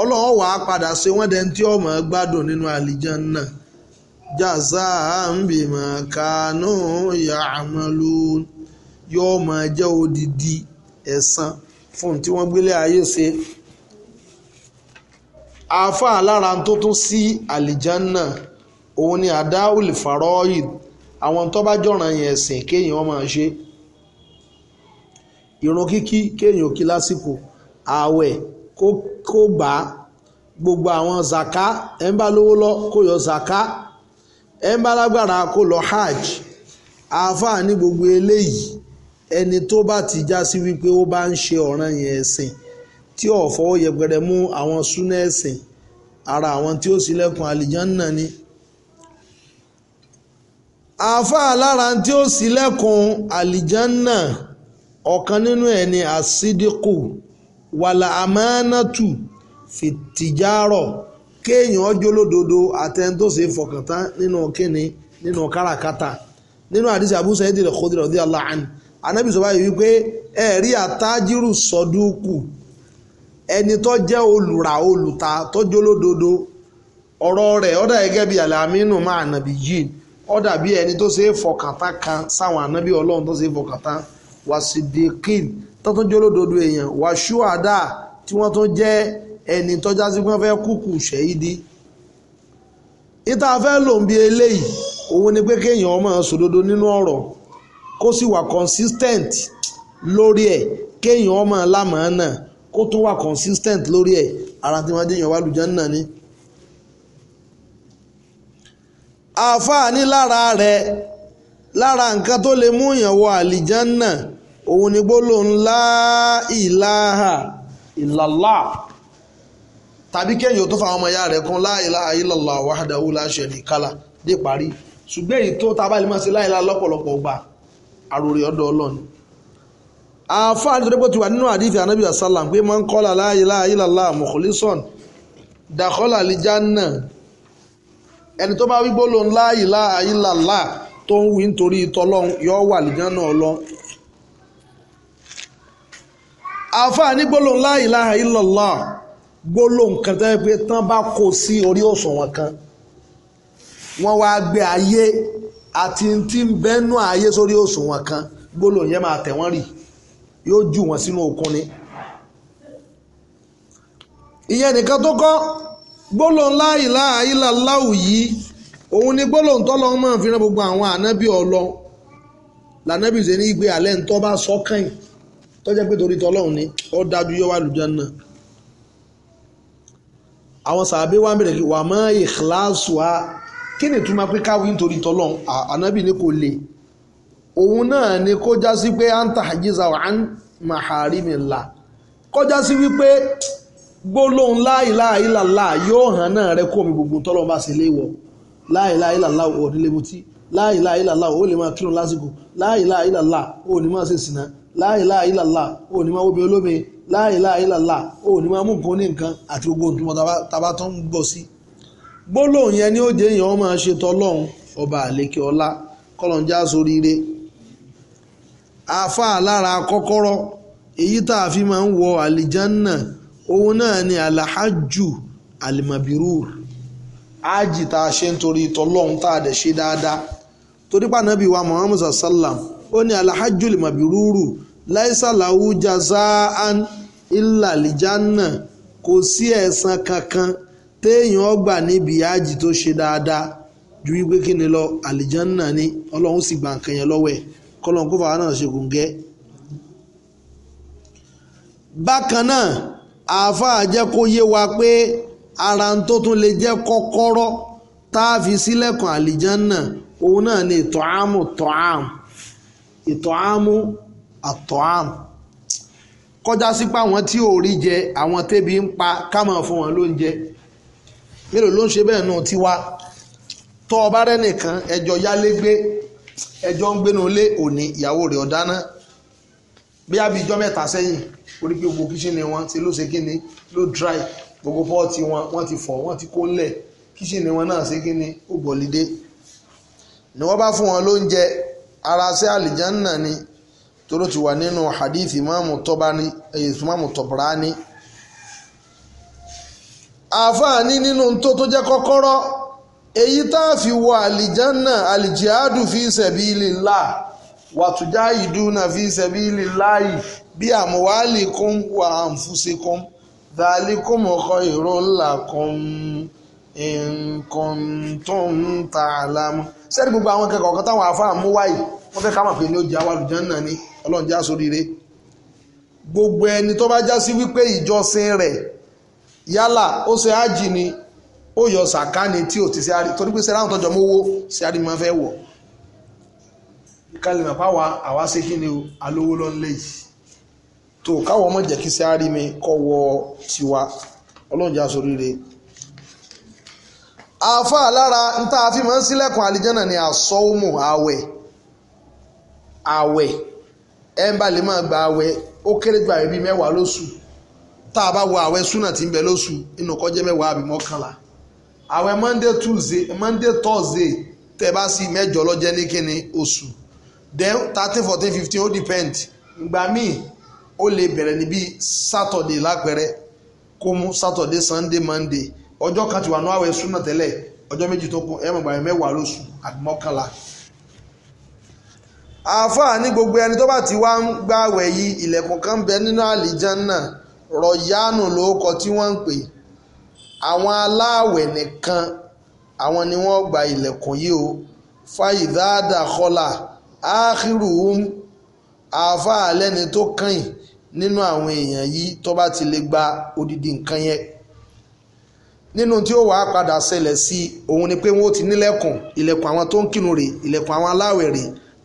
ọlọ́run wàá padà ṣe wọ́n dẹ́ntí ọmọ gbádùn nínú àlìjànnà náà jazaan bima kanu ya'malun yóò máa jẹ́ odidi ẹ̀san fún tí wọ́n gbélé ayé ṣe àáfàá lára tó tún sí àlìjánná òun ni àdáwùl fàrọ́ọ̀yì àwọn tó bá jọ̀ràn yẹn ẹ̀sìn kéèyàn máa ṣe ìrun kíkí kéèyàn ò kí lásìkò ààwẹ̀ kó bá gbogbo àwọn zaka ẹ̀ ń bá lówó lọ kó yọ zaka ẹ ń bá lágbára kó lọ hajj àáfàá ní gbogbo eléyìí ẹni tó bá ti já sí wípé ó bá ń ṣe ọ̀ràn yẹn ẹ̀sìn tí ọ̀fọ́ yẹpẹrẹ mú àwọn súná ẹ̀sìn ara àwọn tí ó ṣílẹ̀kùn àlìjánná ni àáfàá lára tí ó ṣílẹ̀kùn àlìjánná ọ̀kan nínú ẹ̀ ni àsídíkù wàlà àmánátù fìtìjárọ̀ kéèyàn ọjọ́ lódodo àtẹn tó ṣe fọkàntán nínú kíni nínú káràkátà nínú àdìsí Abu Sa'id al-Khudri radiyallahu anhu anábì sọ báyìí wípé ẹ rí àtàjírù sọdúkù ẹni tó jẹ́ olùrà olùta tọ́jọ́ lódodo ọ̀rọ̀ rẹ̀ ó dà gẹ́gẹ́ bí alamínú máa nàbí yìí ó dà bí ẹni tó ṣe fọkàntán kan sáwọn anábì ọlọ́run tó ṣe fọkàntán wàsídìkìn tó tún jẹ́ èèyàn wàṣúàdà tí wọ́n tún jẹ́ ẹni tọ́já sí pé wọ́n fẹ́ kúkú ṣẹ́yídí ìta fẹ́ lò ń bi eléyìí òun ni pé kéèyàn ọmọ sòdodo nínú ọ̀rọ̀ kó sì wà consistent lórí ẹ̀ kéèyàn ọmọ lámàánà kó tún wà consistent lórí ẹ̀ ara tí wọ́n dé èèyàn wá lùjẹ́ náà ni. àfààní lára rẹ̀ lára nǹkan tó lè mú èèyàn wọ àlìjánná òun ni gbólóhùn la ilaha illallah tàbí kéèyàn tó fáwọn ọmọ ìyá rẹ̀ kún la ilaha illallah wahdahu la sharika lah dé parí ṣùgbọ́n èyí tó tá a bá lè máa ṣe la ilaha lọ́pọ̀lọpọ̀ gbà àròrè ọ̀dọ̀ ọlọ́run àáfàá nítorí pé ti wà nínú àdìfẹ́ anábì àsálàm pé man qala la ilaha illallah mukhlisan dakhala li janna ẹni tó bá wí gbólóhùn la ilaha tó ń wí nítorí tọlọ́hún gbólóhùn kan tó yẹ pé tán bá kó sí orí òṣùwọ̀n kan wọ́n wá gbé ayé àti tí ń bẹ́nu ayé sórí òṣùwọ̀n kan gbólóhùn yẹn máa tẹ̀ wọ́n rì yóò jù wọ́n sínú òkun ni. ìyẹn nìkan tó kọ́ gbólóhùn la ilaha illallah yìí òun ni gbólóhùn tó lọ́wọ́ máa fi rán gbogbo àwọn ànábì ọlọ lànábì ṣe ní ìgbé alẹ́ ń tọ́ bá sọ́kàn tó pé torí tọ́lọ́hùn ni ó dájú yóò wà lùjọ́ náà àwọn sàbẹ wa ń bẹ̀rẹ̀ wà mọ́ ìkíláàsù wa kí ni túmọ̀ pé káwí nítorí tọ́lọ́n ànábì ni kò le òun náà ni kó já sí pé anta hajiza wa an maharimila kọjá sí wípé gbólóhùn láìláìlàlá yóò hàn náà rẹ kó mi gbogbo tọ́lọ́ bá ṣe léwọ̀ láìláìlàlá ò ní lè mutí láìláìlàlá ò lè máa kírun lásìkò láìláìlàlá ò ní máa ṣe sìnà láìláìlàlá ò ní máa wóbi olómi láìláìlàlà ò ní máa mú nǹkan ní nǹkan àti gbogbo nǹkan tàbá tó ń gbọ́ sí gbólóhùn yẹn ni ó jẹ́ èèyàn máa ṣe tọlọ́hun ọba àlékè ọlá kọlọ̀njá soríire àáfàá lára kọ́kọ́rọ́ èyí tá a fi máa ń wọ àlìjánná òun náà ni alahajju alimabirur ájì tá a ṣe ń torí tọlọ́hun tá a dẹ̀ ṣe dáadáa torí pàànàbí wa muhammadu sallam ó ní alahajju alimabiruru láìsàlàwú jazaan. ìlàlìjánà kò sí ẹ̀san kankan téèyàn gbà níbi ájì tó ṣe ju wípé kí ni lọ àlìjánà ni ọlọ́run sì gba nǹkan yẹn lọ́wọ́ ẹ̀ kọ́lọ́n kó fàá náà ṣe kò ń gẹ́. bákan náà àáfàá jẹ́ kó yé wa pé ara ń tó tún fi sílẹ̀kùn òun náà ni ìtọ̀ àmù kọjá sí pé àwọn tí ò jẹ àwọn tẹ́bi ń pa kámọ̀ fún wọn ló ń jẹ mélòó ló ń ṣe bẹ́ẹ̀ náà tiwa tọ́ ọba rẹ nìkan ẹjọ́ yálégbé ẹjọ́ ń gbénu lé òní ìyàwó rẹ̀ ọ̀dáná bí àbí ijọ́ mẹ́ta sẹ́yìn orí pé gbogbo kíṣìnì wọn ti ló ṣe ni ló dry gbogbo pọ́ọ̀tì wọn wọ́n ti fọ̀ wọ́n ti kó ńlẹ̀ kíṣìnì wọn náà ṣe kíni ó gbọ̀lídé ni wọ́n bá fún wọn lóúnjẹ ara ṣẹ́ àlìjánná ni tó ti wa nínú hadith imáàmù tọ́bání imáàmù tọ̀bùrání àfáàní nínú tó tó jẹ́ kọ́kọ́rọ́ èyí tá a fi wọ àlìjánà àlìjíádù fi sabilillah wàtújáìdúnà fi sabilillahi bí àmúwálìkún wà àǹfùsìkún dàlíkún ọkọ̀ ìró ńlá kan nǹkan tó ń ta àlámú. sẹ́ni gbogbo àwọn akẹ́kọ̀ọ́ kan táwọn afáàmú wáyé wọ́n fẹ́ ká mọ̀ pé ní ó jẹ́ àwàlùjánà ni. ọlọ́run já gbogbo ẹni tó bá já sí wípé ìjọsìn rẹ yálà ó ṣe ájì ni ó yọ sàká ni tí ò ti ṣe àrí torí pé ṣe ráhùn mówó ṣe àrí máa fẹ́ wọ̀ ni alówó yìí tó ọmọ kí ṣe àrí mi wọ tiwa ọlọ́run já lára fi máa ẹ ń máa gba àwẹ̀ ó kéré gba àwẹ̀ mẹ́wàá lóṣù tá a bá wo àwẹ̀ súnà tí ń bẹ lóṣù inú kọjá mẹ́wàá àbí mọ́kànlá monday tuesday monday thursday tẹ́ bá sí mẹ́jọ lọ́jẹ́ ní kíni oṣù then thirteen fourteen fifteen ó depend ìgbà míì ó lè bẹ̀rẹ̀ saturday lápẹ̀rẹ̀ kó mú saturday sunday monday ọjọ́ kan ti wà ní súnà tẹ́lẹ̀ ọjọ́ méjì àáfàá ní gbogbo ẹni tó bá ti wá ń gbààwẹ̀ yìí ilẹ̀kùn kan bẹ nínú àlìjánná rọ̀yánù lóókọ tí wọ́n ń pè àwọn aláàwẹ̀ nìkan àwọn ni wọ́n gba ilẹ̀kùn yìí o fàyídáàdà kọlà áàkìrù um àáfàá lẹ́ni tó kàn nínú àwọn èèyàn yìí tó bá ti lè gba odidi nǹkan yẹn nínú tí ó wàá padà ṣẹlẹ̀ sí òun ni pé wọ́n ti nílẹ̀kùn ilẹ̀kùn àwọn tó ń kírun rè ilẹ̀kùn àwọn aláàwẹ̀ rè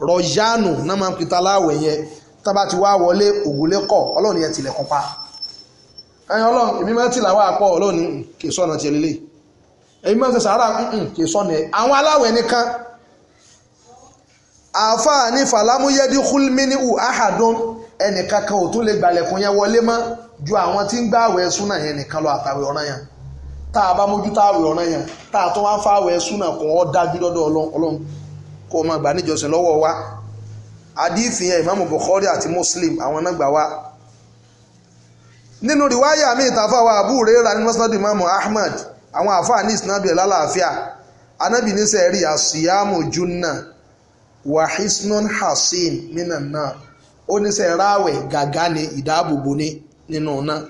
rọ̀yánù náà máa ń pita láàwẹ̀ yẹn tábà ti wá wọlé ògúnlé kọ̀ ọlọ́run yẹn tilẹ̀kùn pa ẹyin ọlọ́run èmi máa ń tìlàwọ́ àpọ̀ ọlọ́run mm, kì í sọ̀nà tiẹ̀ lélẹ̀ èmi máa ń ṣe sàárà mm, mm, kì í sọ̀nà ẹ̀ àwọn aláwẹ̀ nìkan àáfàá ní fàlámúyẹ́dí húlmínú àhàdùn ẹnìkankan ò tún lè gbàlẹ̀kùn yẹn wọlé mọ́ ju àwọn tí ń gbá àwẹ̀ súnà yẹn nìkan lọ àtàwẹ̀ ọ̀ràn yẹn tá a bá mójútó àwẹ̀ ọ̀ràn yẹn tá a tún wá fáwẹ̀ súnà kún ọ́ dájú lọ́dọ̀ ọlọ́run kó o máa gbà níjọsìn lọ́wọ́ wa àdífì yẹn ìmáàmù Bukhari àti Muslim àwọn náà gbà wá nínú rìwáyà mi ìtafà wa Abu Huraira ní mọ́sálásí ìmáàmù ahmed àwọn àfáà ní ìsìnàbí ẹ̀ lálàáfíà anábì ní sẹ́ẹ̀rí àṣìyàmù junna wahisnun hasin minan nar ó ní sẹ́ẹ̀ ráwẹ̀ gàgá ni ìdáàbòbò ni nínú náà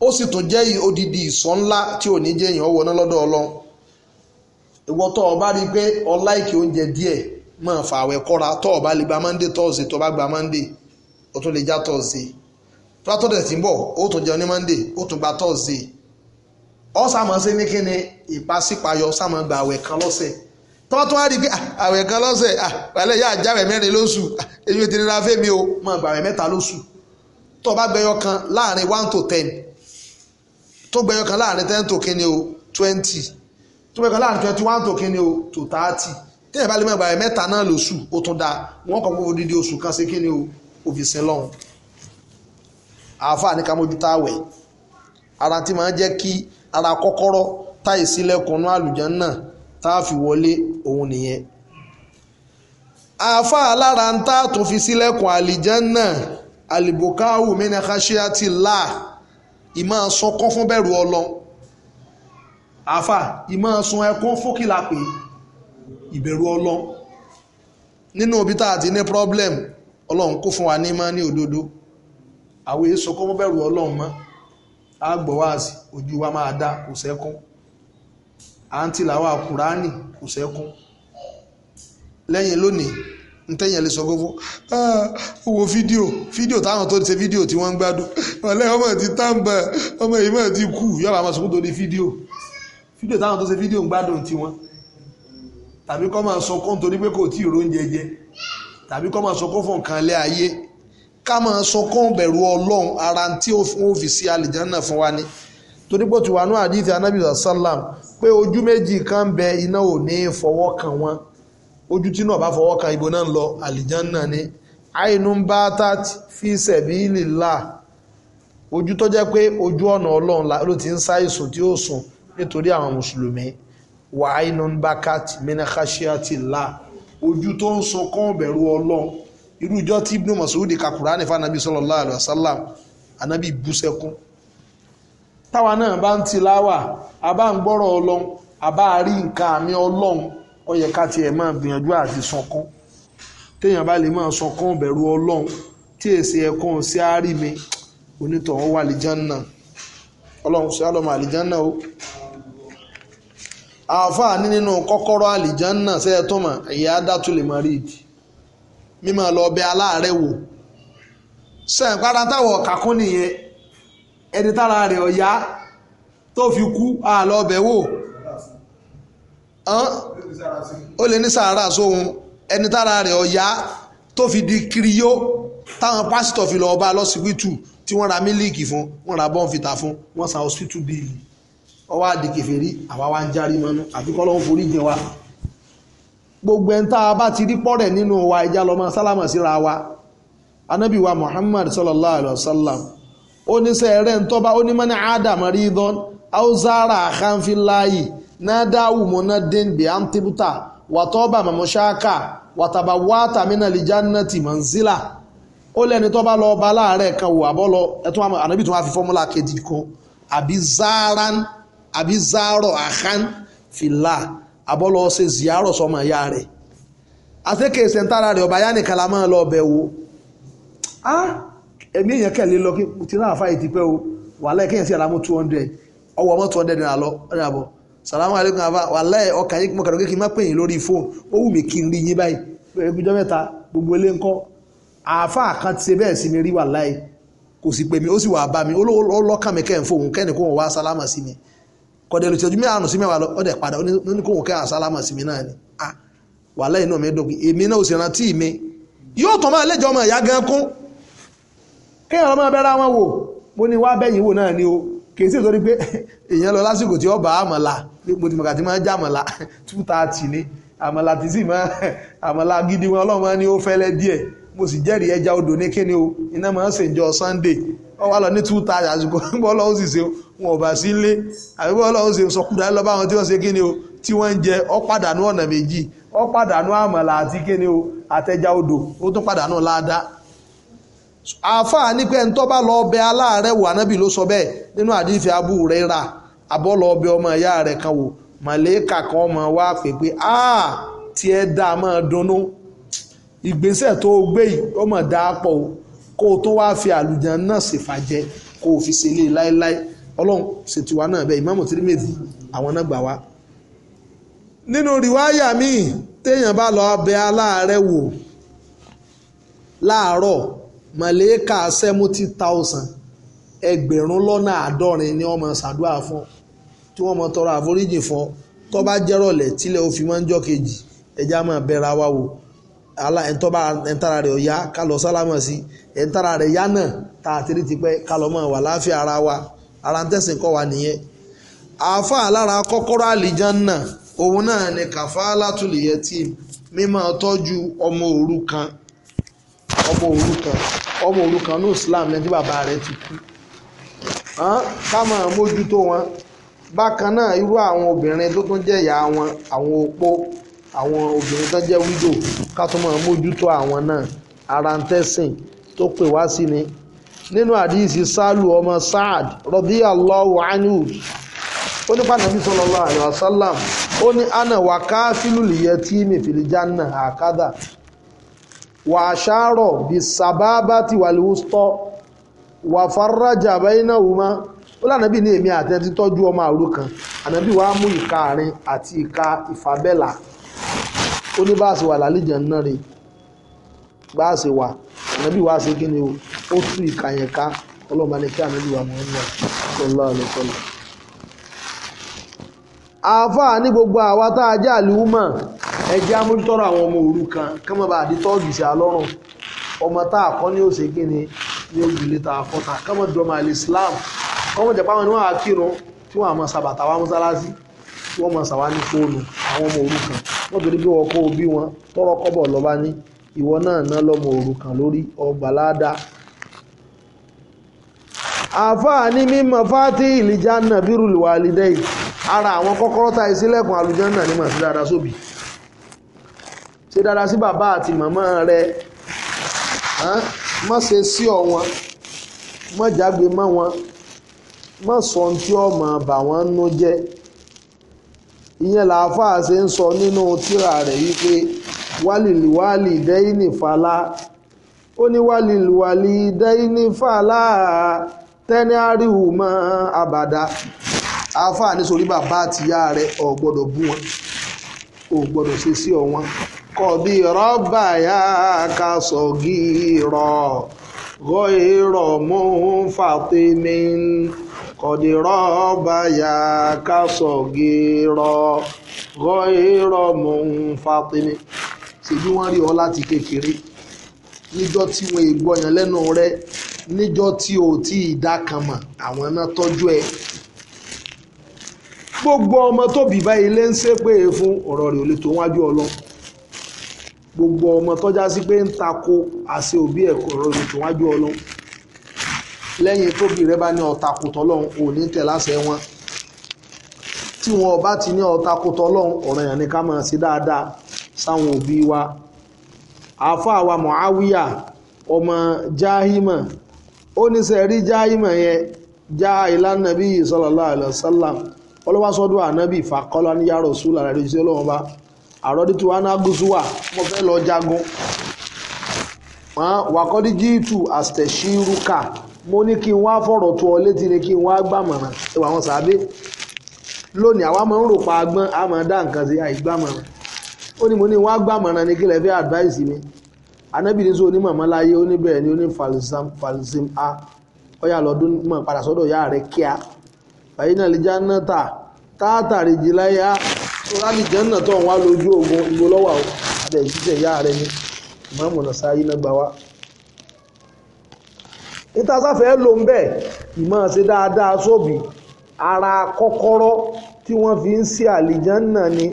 ó sì tún jẹ́ odidi ìsọ̀ tí ò ní jẹ́ èèyàn wọná lọ́dọ̀ Ọlọ́run ìwọ tó o bá rí i pé o láìkì oúnjẹ díẹ̀ máa fa àwẹ̀ kọ́ra tó o bá lè gba monday thursday tó o bá gba monday o tún lè já thursday platode tí ń bọ̀ ó tún jẹun ní monday ó tún gba thursday ọ sàmọ́ sí ní kí ni ìpàsípayọ sàmọ́ gba àwẹ̀ kan lọ́sẹ̀ tọ́ tún á rí i pé ah, àwẹ̀ kan lọ́sẹ̀ àwẹ̀lẹ̀ yà jáwẹ̀ mẹ́rin lóṣù ah, èyí tó gbẹyọ kan láàrin one to ten tó gbẹyọ kan láàrin ten to kí o twenty tó bẹ́ẹ̀ kan láàrin twenty one to kíni o to thirty tí ẹ̀ bá lè mọ̀ ìgbà rẹ̀ mẹ́ta náà lóṣù ó tún da wọ́n kàn fún odidi oṣù kan sí kíni o òfìsìn lọ́hùn àáfàá ní ká mójútó ara tí máa ń jẹ́ kí ara kọ́kọ́rọ́ táì sílẹ̀kùnú àlùján náà tá a fi wọlé òun nìyẹn àáfàá lára ń tá a tún fi sílẹ̀kùn àlùján náà àlìbòkáwù mẹ́nìkàṣíà ti là ìmọ̀ sọkọ́ fún bẹ̀rù ọlọ́run àfà ìmọ̀ sun ẹkún fókìlà pé ìbẹ̀rù ọlọ́run nínú òbí tá a ní problem ọlọ́run kó fún wa ní mọ́ ní òdodo àwọn èso kó bẹ̀rù ọlọ́run mọ́ á gbọ́ wá sí ojú wa máa dá kò sẹ́kún à ń tìlàwà kùránì kò sẹ́kún lẹ́yìn lónìí ntẹ́yìn lè sọ gbogbo ah, wo fídíò fídíò táwọn tó ti ṣe fídíò tí wọ́n ń gbádùn ọ̀lẹ́ ọmọ ti tàǹbà ọmọ yìí mọ̀ ti kú yọ̀ọ́ máa sọ fún torí fídíò fídíò táwọn tó ṣe fídíò ń gbádùn tiwọn tàbí kọ́ máa sọkún nítorí pé kò tí ì róúnjẹ jẹ tàbí kọ́ máa sọkún fún nǹkan ilé ayé ká máa sọkún bẹ̀rù ọlọ́run ara tí ó fi sí àlìjánà fún wa ni torí pé tiwa náà àdìsí anábì sàlám pé ojú méjì kan ń bẹ iná ò ní fọwọ́ kan wọn ojú tí náà bá fọwọ́ kan ibo náà ń lọ àlìjánà ni àìnú ń bá tààtì fi sẹ̀bí lìlá ojú tó jẹ́ pé ojú ọ̀nà ọlọ́run ló ti ń sáìsùn tí ó sùn nítorí àwọn mùsùlùmí wàhálà ń bá káàtì la ojú tó ń sunkún bẹ̀rù ọlọ́run irú ìjọ tí ibnu Mas'ud ka Kùránì fanabi sallallahu alaihi anabi bú sẹ́kún táwa náà bá ń tiláwà àbá ń gbọ́rọ̀ ọlọ́run àbá rí nǹkan àmì ọlọ́run ó yẹ ká tiẹ̀ máa gbìyànjú àti sunkún téèyàn bá lè máa sunkún bẹ̀rù ọlọ́run tí èsì ẹ̀kún sí àárí mi onítọ̀hún wà lìjánná ọlọ́run sí àlọ́mọ àlìjánná o àáfàá ní nínú kọ́kọ́rọ́ àlìjánná sẹ́yẹ tó mọ̀ ẹ̀yà dátúlẹ̀ mọ́ríìdì mímọ́ lọ bẹ aláàárẹ̀ wò sẹ́yìn pátá táwọ̀ kàkún nìyẹn ẹni tára rẹ̀ ọ̀yá tó fi kú àlọ́ bẹ̀ wò ó lè ní sàárà sóhun ẹni tára rẹ̀ ọ̀yá tó fi di kiriyó táwọn pásítọ̀ fi lọ́ọ́ bá lọ́sibítù tí wọ́n ra mílíìkì fún wọ́n ra bọ́ǹfìtà fún wọ́n san hospital bíìlì ọwọ́ àdìkèfèrí àwa wa ń járí mọ́nú àfi kọ́ lọ́wọ́ forí jẹ wa gbogbo ẹni tá a bá ti rí pọ́rẹ̀ nínú wa ẹja lọ́mọ sálámà síra wa anábì wa Muhammad sallallahu alaihi wa sallam ó ní sẹ́ rẹ̀ ń tọ́ba ó ní mọ́ni ádámà rí dán áúzára àkànfìláyì náà dáwù mọ́ná dín bí àǹtìbútà wàtọ́ba mọ̀mọ́ṣáká wàtàbà wáta mínà lè jánàtì mọ̀nzílà ó lẹ́ni tọ́ba lọ ọba láàárẹ̀ kan wò àbọ̀ lọ ẹ̀tún ànábì tó wá fi fọ́múlà kejì kan àbí záárán àbí zaaro ahan fìlà abọ́lọ́ ṣe ziaro sọmọ ìyá rẹ̀ àtẹ́kẹ́ ìsẹ̀ntara rẹ̀ ọba yánì kan la máa lọ ọbẹ̀ wo ẹ̀mí èèyàn kẹ̀lé lọ tí náà fáyì ti o wàhálà ẹ̀ kéèyàn sí àlámú two hundred ọwọ́ ọmọ two hundred náà lọ ọ̀rẹ́ àbọ̀ salamu aleykum afa wàhálà ẹ̀ ọkàn yín mọ̀kàdùn kékeré má pè yín lórí fóònù ó wù mí kí n rí yín báyìí ẹgbẹ́jọ́ mẹ́ta gbogbo ilé ńkọ́ àáfà kan ti ṣe bẹ́ẹ̀ sí mi rí wàhálà ẹ̀ kò sì pè mí ó sì wà bá mi ó lọ́kàn mi kẹ́ ń fóònù kẹ́ni kó wọn wá sálámà sí mi kọ̀dẹ̀ lu ìṣẹ́jú mẹ́rànù sí mẹ́wàá lọ ọ̀dẹ̀ padà ó ní kó wò kẹ́ àsálámà sí mi náà ni ah wàhálà inú mi dọ̀gbìn èmi náà ò sì rántí mi yóò tàn máa lẹ́jọ́ ọmọ ìyá gan kún kéèyàn ọmọ abẹ́rẹ́ wọn wò mo ní wá bẹ́yìn wò náà ni o kìí sì torí pé <laughs> èèyàn lọ lásìkò tí ó bá àmàlà mo ti mọ̀gà tí máa ń já àmàlà <laughs> two thirty ni àmàlà tí sì máa <laughs> àmàlà gidi wọn ọlọ́mọ ni ó fẹ́lẹ́ díẹ̀ mo sì jẹ́rìí ẹja odò ní kíni o iná máa ń sè jọ sunday wọ́n wá lọ ní two thousand àsìkò bọ́ lọ́wọ́ sì ṣe wọn ò bá sí ilé àbí bọ́ lọ́wọ́ sì sọkúdà tí wọ́n ṣe kíni o tí wọ́n ń jẹ ó pàdánù ọ̀nà méjì ó pàdánù àmàlà àti kíni o àtẹja odò ó tún pàdánù ládàá àáfàá ní pé ẹnitọ́ bá lọ́ọ́ bẹ aláàárẹ̀ wò ló sọ bẹ́ẹ̀ nínú bẹ ọmọ ìyá kan wò ọmọ wa pè a tiẹ̀ dá máa ìgbésẹ̀ tó o gbé yìí ó mọ̀ dáa pọ̀ o kó o tó wáá fi àlùjàn náà ṣèfàjẹ kó o fi ṣe lé láéláé ọlọ́run ṣètìwá náà bẹ́ẹ̀ ìmáàmù Tirmidhi àwọn náà gbà wá. nínú rìwáyà míì téèyàn bá lọ bẹ aláàárẹ̀ wò láàárọ̀ màlẹ́kà seventy thousand ẹgbẹ̀rún lọ́nà àádọ́rin ni wọ́n máa ṣàdúrà fún tí wọ́n máa tọrọ àforíjì fún tó bá jẹ́rọ̀lẹ̀ tílẹ̀ ó máa ń jọ́ kejì ẹja máa bẹ̀ra wa wò ala ẹ̀ńtọ́ bá ẹ̀ńtara ya ọ̀yá ká lọ sálámà sí ẹ̀ńtara rẹ̀ yá náà tá a ti rí ti pẹ́ ká lọ mọ̀ wà láàfin ara wa ara ń tẹ̀sìn kọ́ wa nìyẹn àáfà lára kọ́kọ́rọ́ àlìjánná òun náà ni kàfá látùlìyẹ tí mímọ́ tọ́jú ọmọ òrukàn ọmọ òrukàn ọmọ òrukàn ní Islam lẹ́ni tí bàbá rẹ̀ ti kú ká máa mójútó wọn bákan náà irú àwọn obìnrin tó tún jẹ́ ìyá wọn àwọn opó àwọn obìnrin tó jẹ́ wídò ká tó máa mójútó àwọn náà ara ń tẹ̀sìn tó pè wá sí ni nínú àdìsí sálù ọmọ saad radiyallahu anhu ó ní pàtàkì sallallahu alaihi wasallam ó ní ana wà káfílù liyatimi fil janna àkádà wà aṣáárọ̀ bí sàbábá ti wà lóòótọ́ wà farajà bainahuma ó lànàbí ní èmi àtẹ́tí tọ́jú ọmọ òrukàn ànàbí wàá mú ìka àárín àti ìka ìfàbẹ́là ó ní bá a ṣe wà lálejò náà rè bá a ṣe wà ànábì wa ṣe kí ni o ó tú ìka yẹn ká ọlọ́ọ̀bá ní kí ànábì wa mọ̀ ń lọ sọlá ọlọ́sọlá. àáfàá ní gbogbo àwa tá a jẹ́ àlùmọ̀ ẹjẹ́ amójútọ́rọ̀ àwọn ọmọ òrukàn kán mọ́ bá àdí tọ́ọ̀gì sí alọ́rùn ọmọ tá a kọ́ ní òsè kí ni ní òjìlé tá a fọ́ ta kán mọ́ dọ́mọ àlè Islam kán mọ́ jẹ́pá wọn ni wọ́n á kírun tí wọ́n á mọ sàbàtà wa mọ́sálásí tí wọ́n mọ sàwa ní fóònù àwọn ọmọ òrukàn wọ́n torí pé wọ́n kó o bí wọn tọrọ kọ́bọ̀ lọ́ba ní ìwọ náà ná lọ́mọ òrukàn lórí ọgbà ládàá. àáfàá ní mímọ fati ìlìjánà bírù wàlídẹ́ ara àwọn kọ́kọ́rọ́ ta ìsílẹ̀kùn àlùjánà ní màá sí dáadáa sóbì ṣe dáadáa sí bàbá àti màmá rẹ má ṣe sí ọ wọn má jágbe mọ́ wọn má sọ ohun tí ọ máa bà wọ́n nú jẹ́ ìyẹn làáfàá ṣe ń sọ nínú tírà rẹ̀ wípé wálìlíwálì dẹ́yìnì fàlà ó ní wálìlíwálì dẹ́yìnì fàlà tẹ́ni àríwú mọ́ àbàdà àáfàá ní sórí bàbá àtìyá rẹ̀ ò gbọ́dọ̀ bú wọn ò gbọ́dọ̀ ṣe sí ọ̀wọ́n kọ̀bí rọ́bà yá ká sọ gírọ̀ gọ́ èrò mú fàtẹ́mẹ́ni kọ̀dìrọ̀ báyà kásọ̀gìrọ̀ gọ́ìrọ̀ mọ̀ ń fatini ṣèbí wọ́n rí ọ láti kékeré níjọ́ tí wọ́n ègbọ́ yẹn lẹ́nu rẹ níjọ́ tí o tí ì dá kan mọ̀ àwọn náà tọ́jú ẹ gbogbo ọmọ tó bí báyìí lè ń ṣépè fún ọ̀rọ̀ rẹ̀ ò lè tó wájú ọ lọ gbogbo ọmọ tọ́já sí pé ń tako àṣẹ òbí ẹ̀kọ́ ọ̀rọ̀ rẹ̀ ò lè tó wájú ọ lọ lẹ́yìn tóbi rẹ bá ní ọ̀takùtọ̀ lọ́hùn òní tẹ̀ láṣẹ wọn tí wọn ọba ti ní ọ̀takùtọ̀ lọ́hùn ọ̀ràn yẹn ni ká máa ṣe dáadáa sáwọn òbí wa àáfàá wa Muawiya ọmọ Jahima ó ní sẹ́ rí Jahima yẹn já ìlànà nàbí sallallahu alaihi wasallam ọlọ́wàsọ́dọ̀ ànábì fàkọ́lá ní yàrá òṣùlà rẹ̀ lójú sí ọlọ́wọ́n bá àròdìtú wa náà gúúsùwà mo fẹ́ lọ jagun wàkọ́dí jíìtù àstẹ̀ṣírúkà mo ní kí n wá fọ̀rọ̀ tó ọ létí ni kí n wá gbàmọ̀ràn ẹwà àwọn sàábé lónìí àwa máa ń rò pa agbọ́n a máa dá nǹkan sí àìgbàmọ̀ràn ó ní mo ní wá gbàmọ̀ràn ni kí lè fẹ́ advice mi anábì ní sọ onímọ̀mọ́ oníbẹ̀rẹ̀ ni oní falsim a ọyà lọ́dún mọ̀ padà sọ́dọ̀ ìyá rẹ̀ kíá báyìí náà lè já náà tà táàtàrí jìláyà sọ́ràlì jẹ́nà tó ń wá lójú ogun ìgbólọ́wà àbẹ̀ ìṣiṣẹ́ ìyá rẹ̀ ni ìmọ̀ọ́mù náà sáyé náà gbà ìtasáfẹ́ ló ń bẹ̀ ìmọ̀ ṣe dáadáa sóbì ara kọ́kọ́rọ́ tí wọ́n fi ń ṣí àlìjánná ni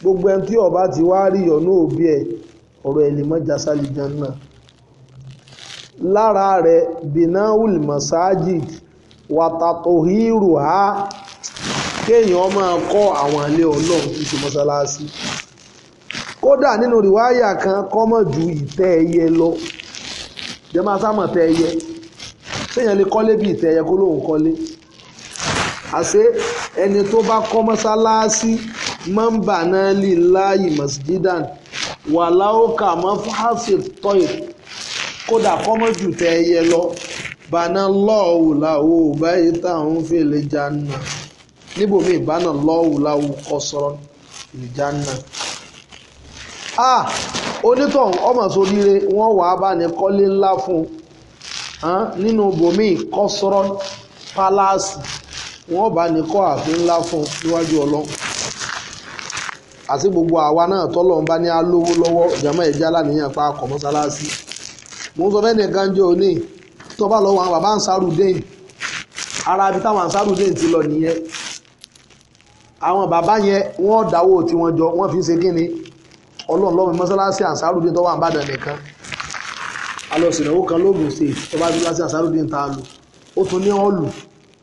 gbogbo ẹni tí ọba ti wá rí ọ̀nà òbí ẹ̀ ọ̀rọ̀ ẹ̀ lè mọ́ jásá àlìjánná lára rẹ̀ binahul masajid watatohiru ha kéèyàn máa kọ́ àwọn ilé ọlọ́run tí ṣe mọ́sálásí kódà nínú rìwáyà kan kọ́mọ̀jù ìtẹ́ ẹyẹ lọ jẹ́ máa sá mọ̀ tẹ ẹyẹ séèyàn lè kọ́lé bíi tẹ ẹyẹ kó lóun kọ́lé àṣé ẹni tó bá kọ́ mọ́sálásí mọ́ńbà náà lè láàyè masjidan wàláwókà mọ́fàásì tọ́yì kódà kọ́mọ́ jù tẹ ẹyẹ lọ bàná lọ́ọ̀wù làwọ̀ báyìí táwọn fèlè jánà níbòmí ìbánà lọ́ọ̀wù làwọ̀ kọ́sọ́rọ́ ìjánà onítọ̀hún ọmọ sóríire wọ́n wàá bá ní kọ́lé ńlá fún un nínú bòmíì kọ́sọ́rọ́ pálásì wọ́n bá ní kọ́ ààfin ńlá fún un níwájú ọlọ́run àti gbogbo àwa náà tọ́lọ̀ ń bá ní alówó lọ́wọ́ ìjàmọ́ ìjà lánìyàn pa akọ̀ mọ́sálásí mo ń sọ fẹ́ẹ́ nìkan jẹ́ òní tó bá lọ́wọ́ àwọn bàbá Ansaru Deen ara ibi táwọn Ansaru Deen ti lọ nìyẹn àwọn bàbá yẹn wọ́n dáwó tiwọn jọ wọ́n fi ń ṣe kínni ọlọ́run lọ́mọ mọ́sálásí ànsárùdín tó wà ń bàdàn nìkan alọ́sìn ìnáwó kan lóògùn sí tó bá dúró sí ànsárùdín tá a lò ó tún ní ọ̀lù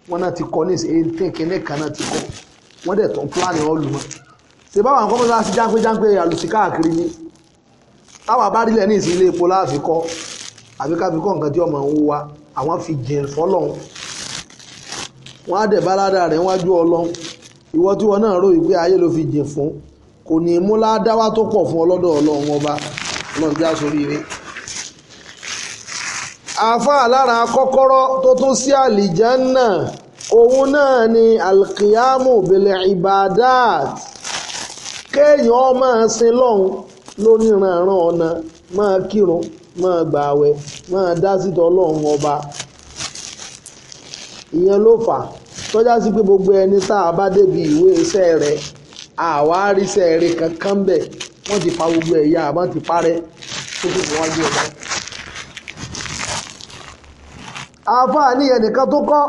wọn náà ti kọ ní eighteen kínní kan náà ti kọ wọ́n dẹ̀ tún pílánì ọ̀lù wọn. ṣe báwa nǹkan mọ́sálásí jáńpé jáńpé àlùsí káàkiri ni táwa bá rí lẹ̀ ní ìsìn ilé epo láàfin kọ́ àbí ká fi kọ́ nǹkan tí ọmọ ń wa àwọn fi jìn fọ́lọ́hún wọ́n á dẹ̀ bá ládàá rẹ̀ wájú ọlọ́hún ìwọ tí wọn náà rò wípé ayé ló fi jìn fún kò ní mú ládáwà tó pọ̀ fún ọlọ́dọ̀ ọlọ́run ọba ọlọ́run já sórí rẹ̀ àáfàá lára kọ́kọ́rọ́ tó tún sí àlìjánà òun náà ni alkiyamu bìlẹ̀ ibadat kéèyàn máa sin lọ́hùn lóníranran ọ̀nà máa kírun máa gbààwẹ̀ máa dá sítọ̀ ọlọ́run ọba ìyẹn ló fà tọ́já sí pé gbogbo ẹni tá a bá débi ìwé iṣẹ́ rẹ̀ àwa àríṣẹ́ eré kankan bẹ̀ wọ́n ti pa gbogbo ẹ̀yà àmọ́ ti parẹ́ tó ti fi wájú ọ̀dọ́. àáfàá níyẹn nìkan tó kọ́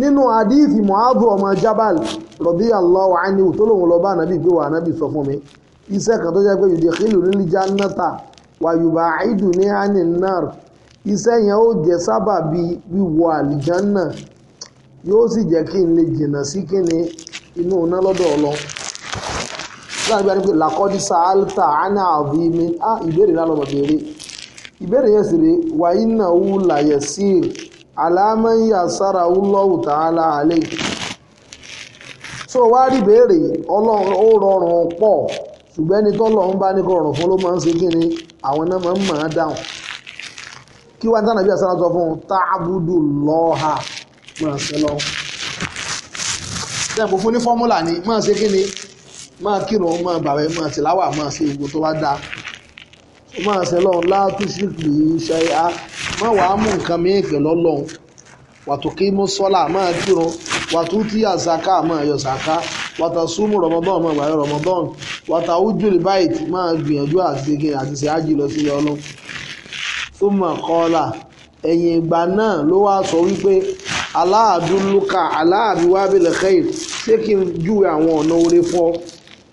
nínú àdíìsì Mu'adh ọmọ Jabal radiyallahu anhu tó lòun lọ bá ànábì pé wà ànábì sọ fún mi iṣẹ́ kan tó jẹ́ pé yudkhilu lil jannata wa yubaiduni anin nar iṣẹ́ yẹn ó jẹ́ sábàbí wíwọ àlìjánà yóò sì jẹ́ kí n lè jìnnà sí kíni inú iná lọ́dọ̀ Ọlọ́run láàbí àti làkọ́dí sàálítà àná àbí á ìbéèrè náà lọ́mọ béèrè ìbéèrè yẹn sì rè wàyí náà wù láyẹ̀ sí i àlámẹ́yà sára wù lọ́wù tààlà àlẹ́ so wá rí béèrè ọlọ́run ó rọrùn pọ̀ ṣùgbọ́n ẹni tọ́lọ̀ ń bá ní kó rọrùn fún ló máa ń ṣe kí ni àwọn máa ń mọ̀ dáhùn kí máa kírun máa bàwẹ̀ máa tìláwà máa ṣe ìwò tó bá dáa ó máa ṣe lọ́run látúṣìkì ṣe á má wàá mú nǹkan mìíràn pẹ̀lú ọlọ́run wàtò kí mú sọ́là máa kírun wàtò tí àṣàká máa yọ ṣàká wàtà súnmù rọmọdán máa gbàyọ rọmọdán wàtà ojúlè báyìí máa gbìyànjú àtìgẹ àtìsẹ ájì lọ sí ọlọ́run tó mọ̀ kọ́ọ́là ẹ̀yìn ìgbà náà ló wá sọ wípé aláàdúlùkà aláàbíwábìlẹ̀ kẹ́yìn ṣé kí n júwe àwọn ọ̀nà oore fún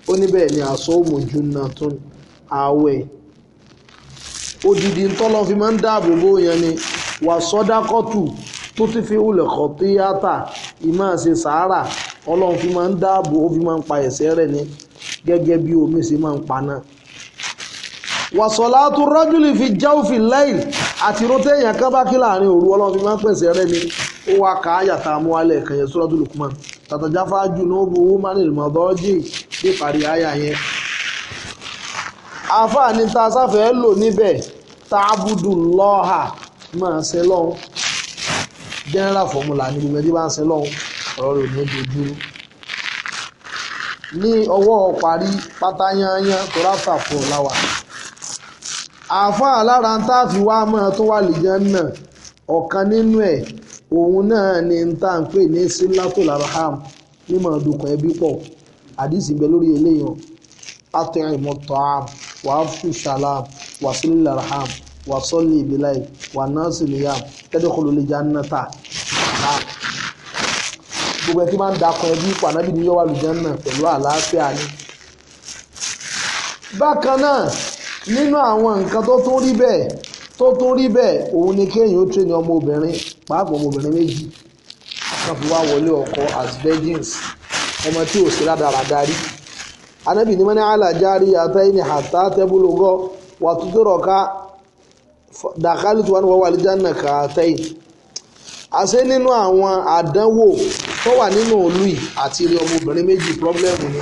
ó níbẹ̀ ni àṣọ òmòjú náà tún àwẹ̀ odidi ntọ́lọ́ fi máa ń dáàbò bó yẹn ni wà sọ́dákọ́tù tó ti fi wùlẹ̀ kọ́ tíátà ìmọ̀ ṣe sàárà ọlọ́run fi máa ń dáàbò ó fi máa ń pa ẹ̀ṣẹ̀ rẹ̀ ni gẹ́gẹ́ bí omi ṣe máa ń pa náà wà sọ̀látù rọ́júlì fi jáùfì lẹ́yìn àti rotẹ́ èèyàn kan bá kí láàrin òru ọlọ́run fi máa ń pèsè rẹ̀ ni ó wá kàáyà mú alẹ́ kan yẹn suratul Luqman tàtàjáfáájú ní ó bu wúmánì mọ̀dọ́jì dé parí àyà yẹn àfààní tá a sáfẹ́ lò níbẹ̀ tábùdù lọ́hà máa ṣe lọ́hùn general formula ní gbogbo ẹni bá ń ṣe lọ́hùn ọ̀rọ̀ rẹ̀ ní dojúrú ní ọwọ́ parí pátáyányán tọ́láfà fún ọ̀làwà àfáà lára ń tá a fi wá máa tó wà lìjẹ́ náà ọ̀kan nínú ẹ̀ òun náà ni ń tá ń pè ní sílátò làraham mímọ̀ ọdún ẹbí pọ̀ àdìsí bẹ lórí eléyìí atẹ́rìmọ́ tọ́ám wàá fún ṣàlám wàsílì larham wàsọ́lì ìbílẹ̀ wànásì nìyàm tẹ́dọ̀kọ̀lù lè já nàta gbogbo ẹ̀ tí máa ń dakọ̀ ẹbí ipò ànábì ní yọ́wà lùjánà pẹ̀lú àlàáfíà ni. bákan náà nínú àwọn nǹkan tó tún rí bẹ́ẹ̀ tó tún rí bẹ́ẹ̀ òun ni kéèyàn ó tún ní ọmọbìnrin pàápàá ọmọbìnrin méjì kan wọlé ọkọ as virgins ọmọ tí ò sí ládàrá darí anábì ní mọ́ni alájárí àtẹ́yìn àtà tẹ́bùlùgọ́ wà tútúrọ̀ ká dàkálì tí wọ́n wà lìjánà ká àtẹ́yìn àṣẹ nínú àwọn àdánwò tó wà nínú òlù yìí àti rí ọmọbìnrin méjì pírọ́blẹ́mù ni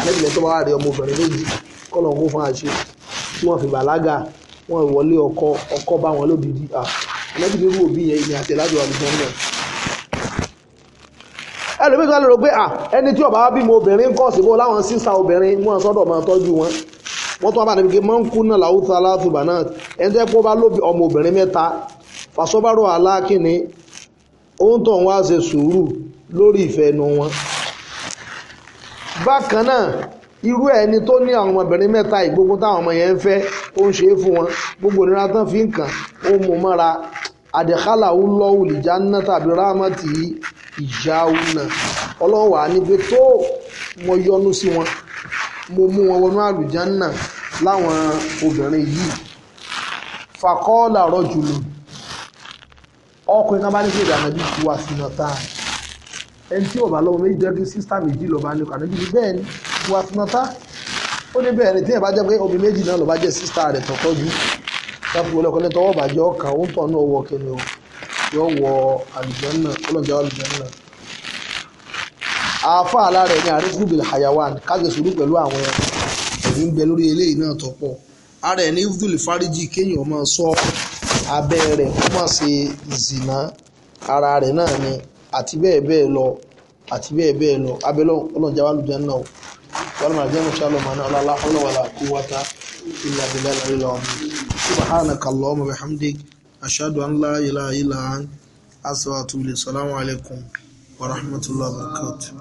anábì lẹ́tọ́ bá wà rí ọmọbìnrin méjì kọ́lọ̀ ń kó fún àṣẹ tí wọ́n fi bàlágà wọ́n ìwọlé ọkọ ọkọ bá wọn lódìdí anábì nírú òbí yẹn ìní àtẹ̀lájọ àlùjọ náà ẹlòmíì kan lè rò pé à ẹni tí ọba bímọ obìnrin kọ̀ síbò láwọn sísá obìnrin mú wọn sọ́dọ̀ máa tọ́jú wọn wọ́n tún wá bàtà pé máa ń kú náà láwùjọ aláàtúbà náà ẹni tó yẹ kó bá lóbi ọmọ obìnrin mẹ́ta fàṣọ́bárò aláàkíní ohun tó ń wá ṣe sùúrù lórí ìfẹ́ nu wọn. bákan náà irú ẹni tó ní àwọn ọmọbìnrin mẹ́ta ìgbógun táwọn ọmọ yẹn ń fẹ́ ó ń ṣe é fún wọn gbogbo ìnira tán fi ń kàn ó mú mọ́ra àdìkálà ń lọ́wùlì tàbí rámọ́tì yìí ìjà ọ̀nà ọlọ́run wà níbi tó mo yọ́nú sí wọn mo mú wọn wọnú àlùjánà láwọn obìnrin yìí fàkọ́ọ̀là rọ́jùlù ọkùnrin náà bá ní kí ìdáná bí tu àfihàn tá a ẹni tí ọba lọ́wọ́ méjì dẹ́gbẹ́ sísítà méjì lọ́ba ní kànáà bí bẹ́ẹ̀ ni tu àfihàn tá ó ní bẹ́ẹ̀ ni tí ẹ̀ bá jẹ́ pé obì méjì náà lọ́ba jẹ́ sísítà rẹ̀ tọ́tọ́jú táfi wọlé ọkọ̀ lẹ́tọ́ ọ̀bàjẹ́ ọkàn ó ń tọ̀ náà wọ kẹ́ni o. yóò wọ àlùjànnà ọlọ́jà a àáfà alára ẹni àríkùbìlì hayawan kájọ pẹ̀lú àwọn ẹ̀mí ń bẹ lórí eléyìí náà tọ́pọ̀ ara ẹni fariji kéèyàn sọ abẹ rẹ kó má ṣe zìnà ara rẹ̀ náà ni àti bẹ́ẹ̀ bẹ́ẹ̀ lọ lọ ọlọ́jà o ilẹ̀ lọ́wọ́ mi ashadu an la ilaha illa ant astaghfiruka wa atubu ilayk salamu alaykum wa rahmatullahi wa barakatuh.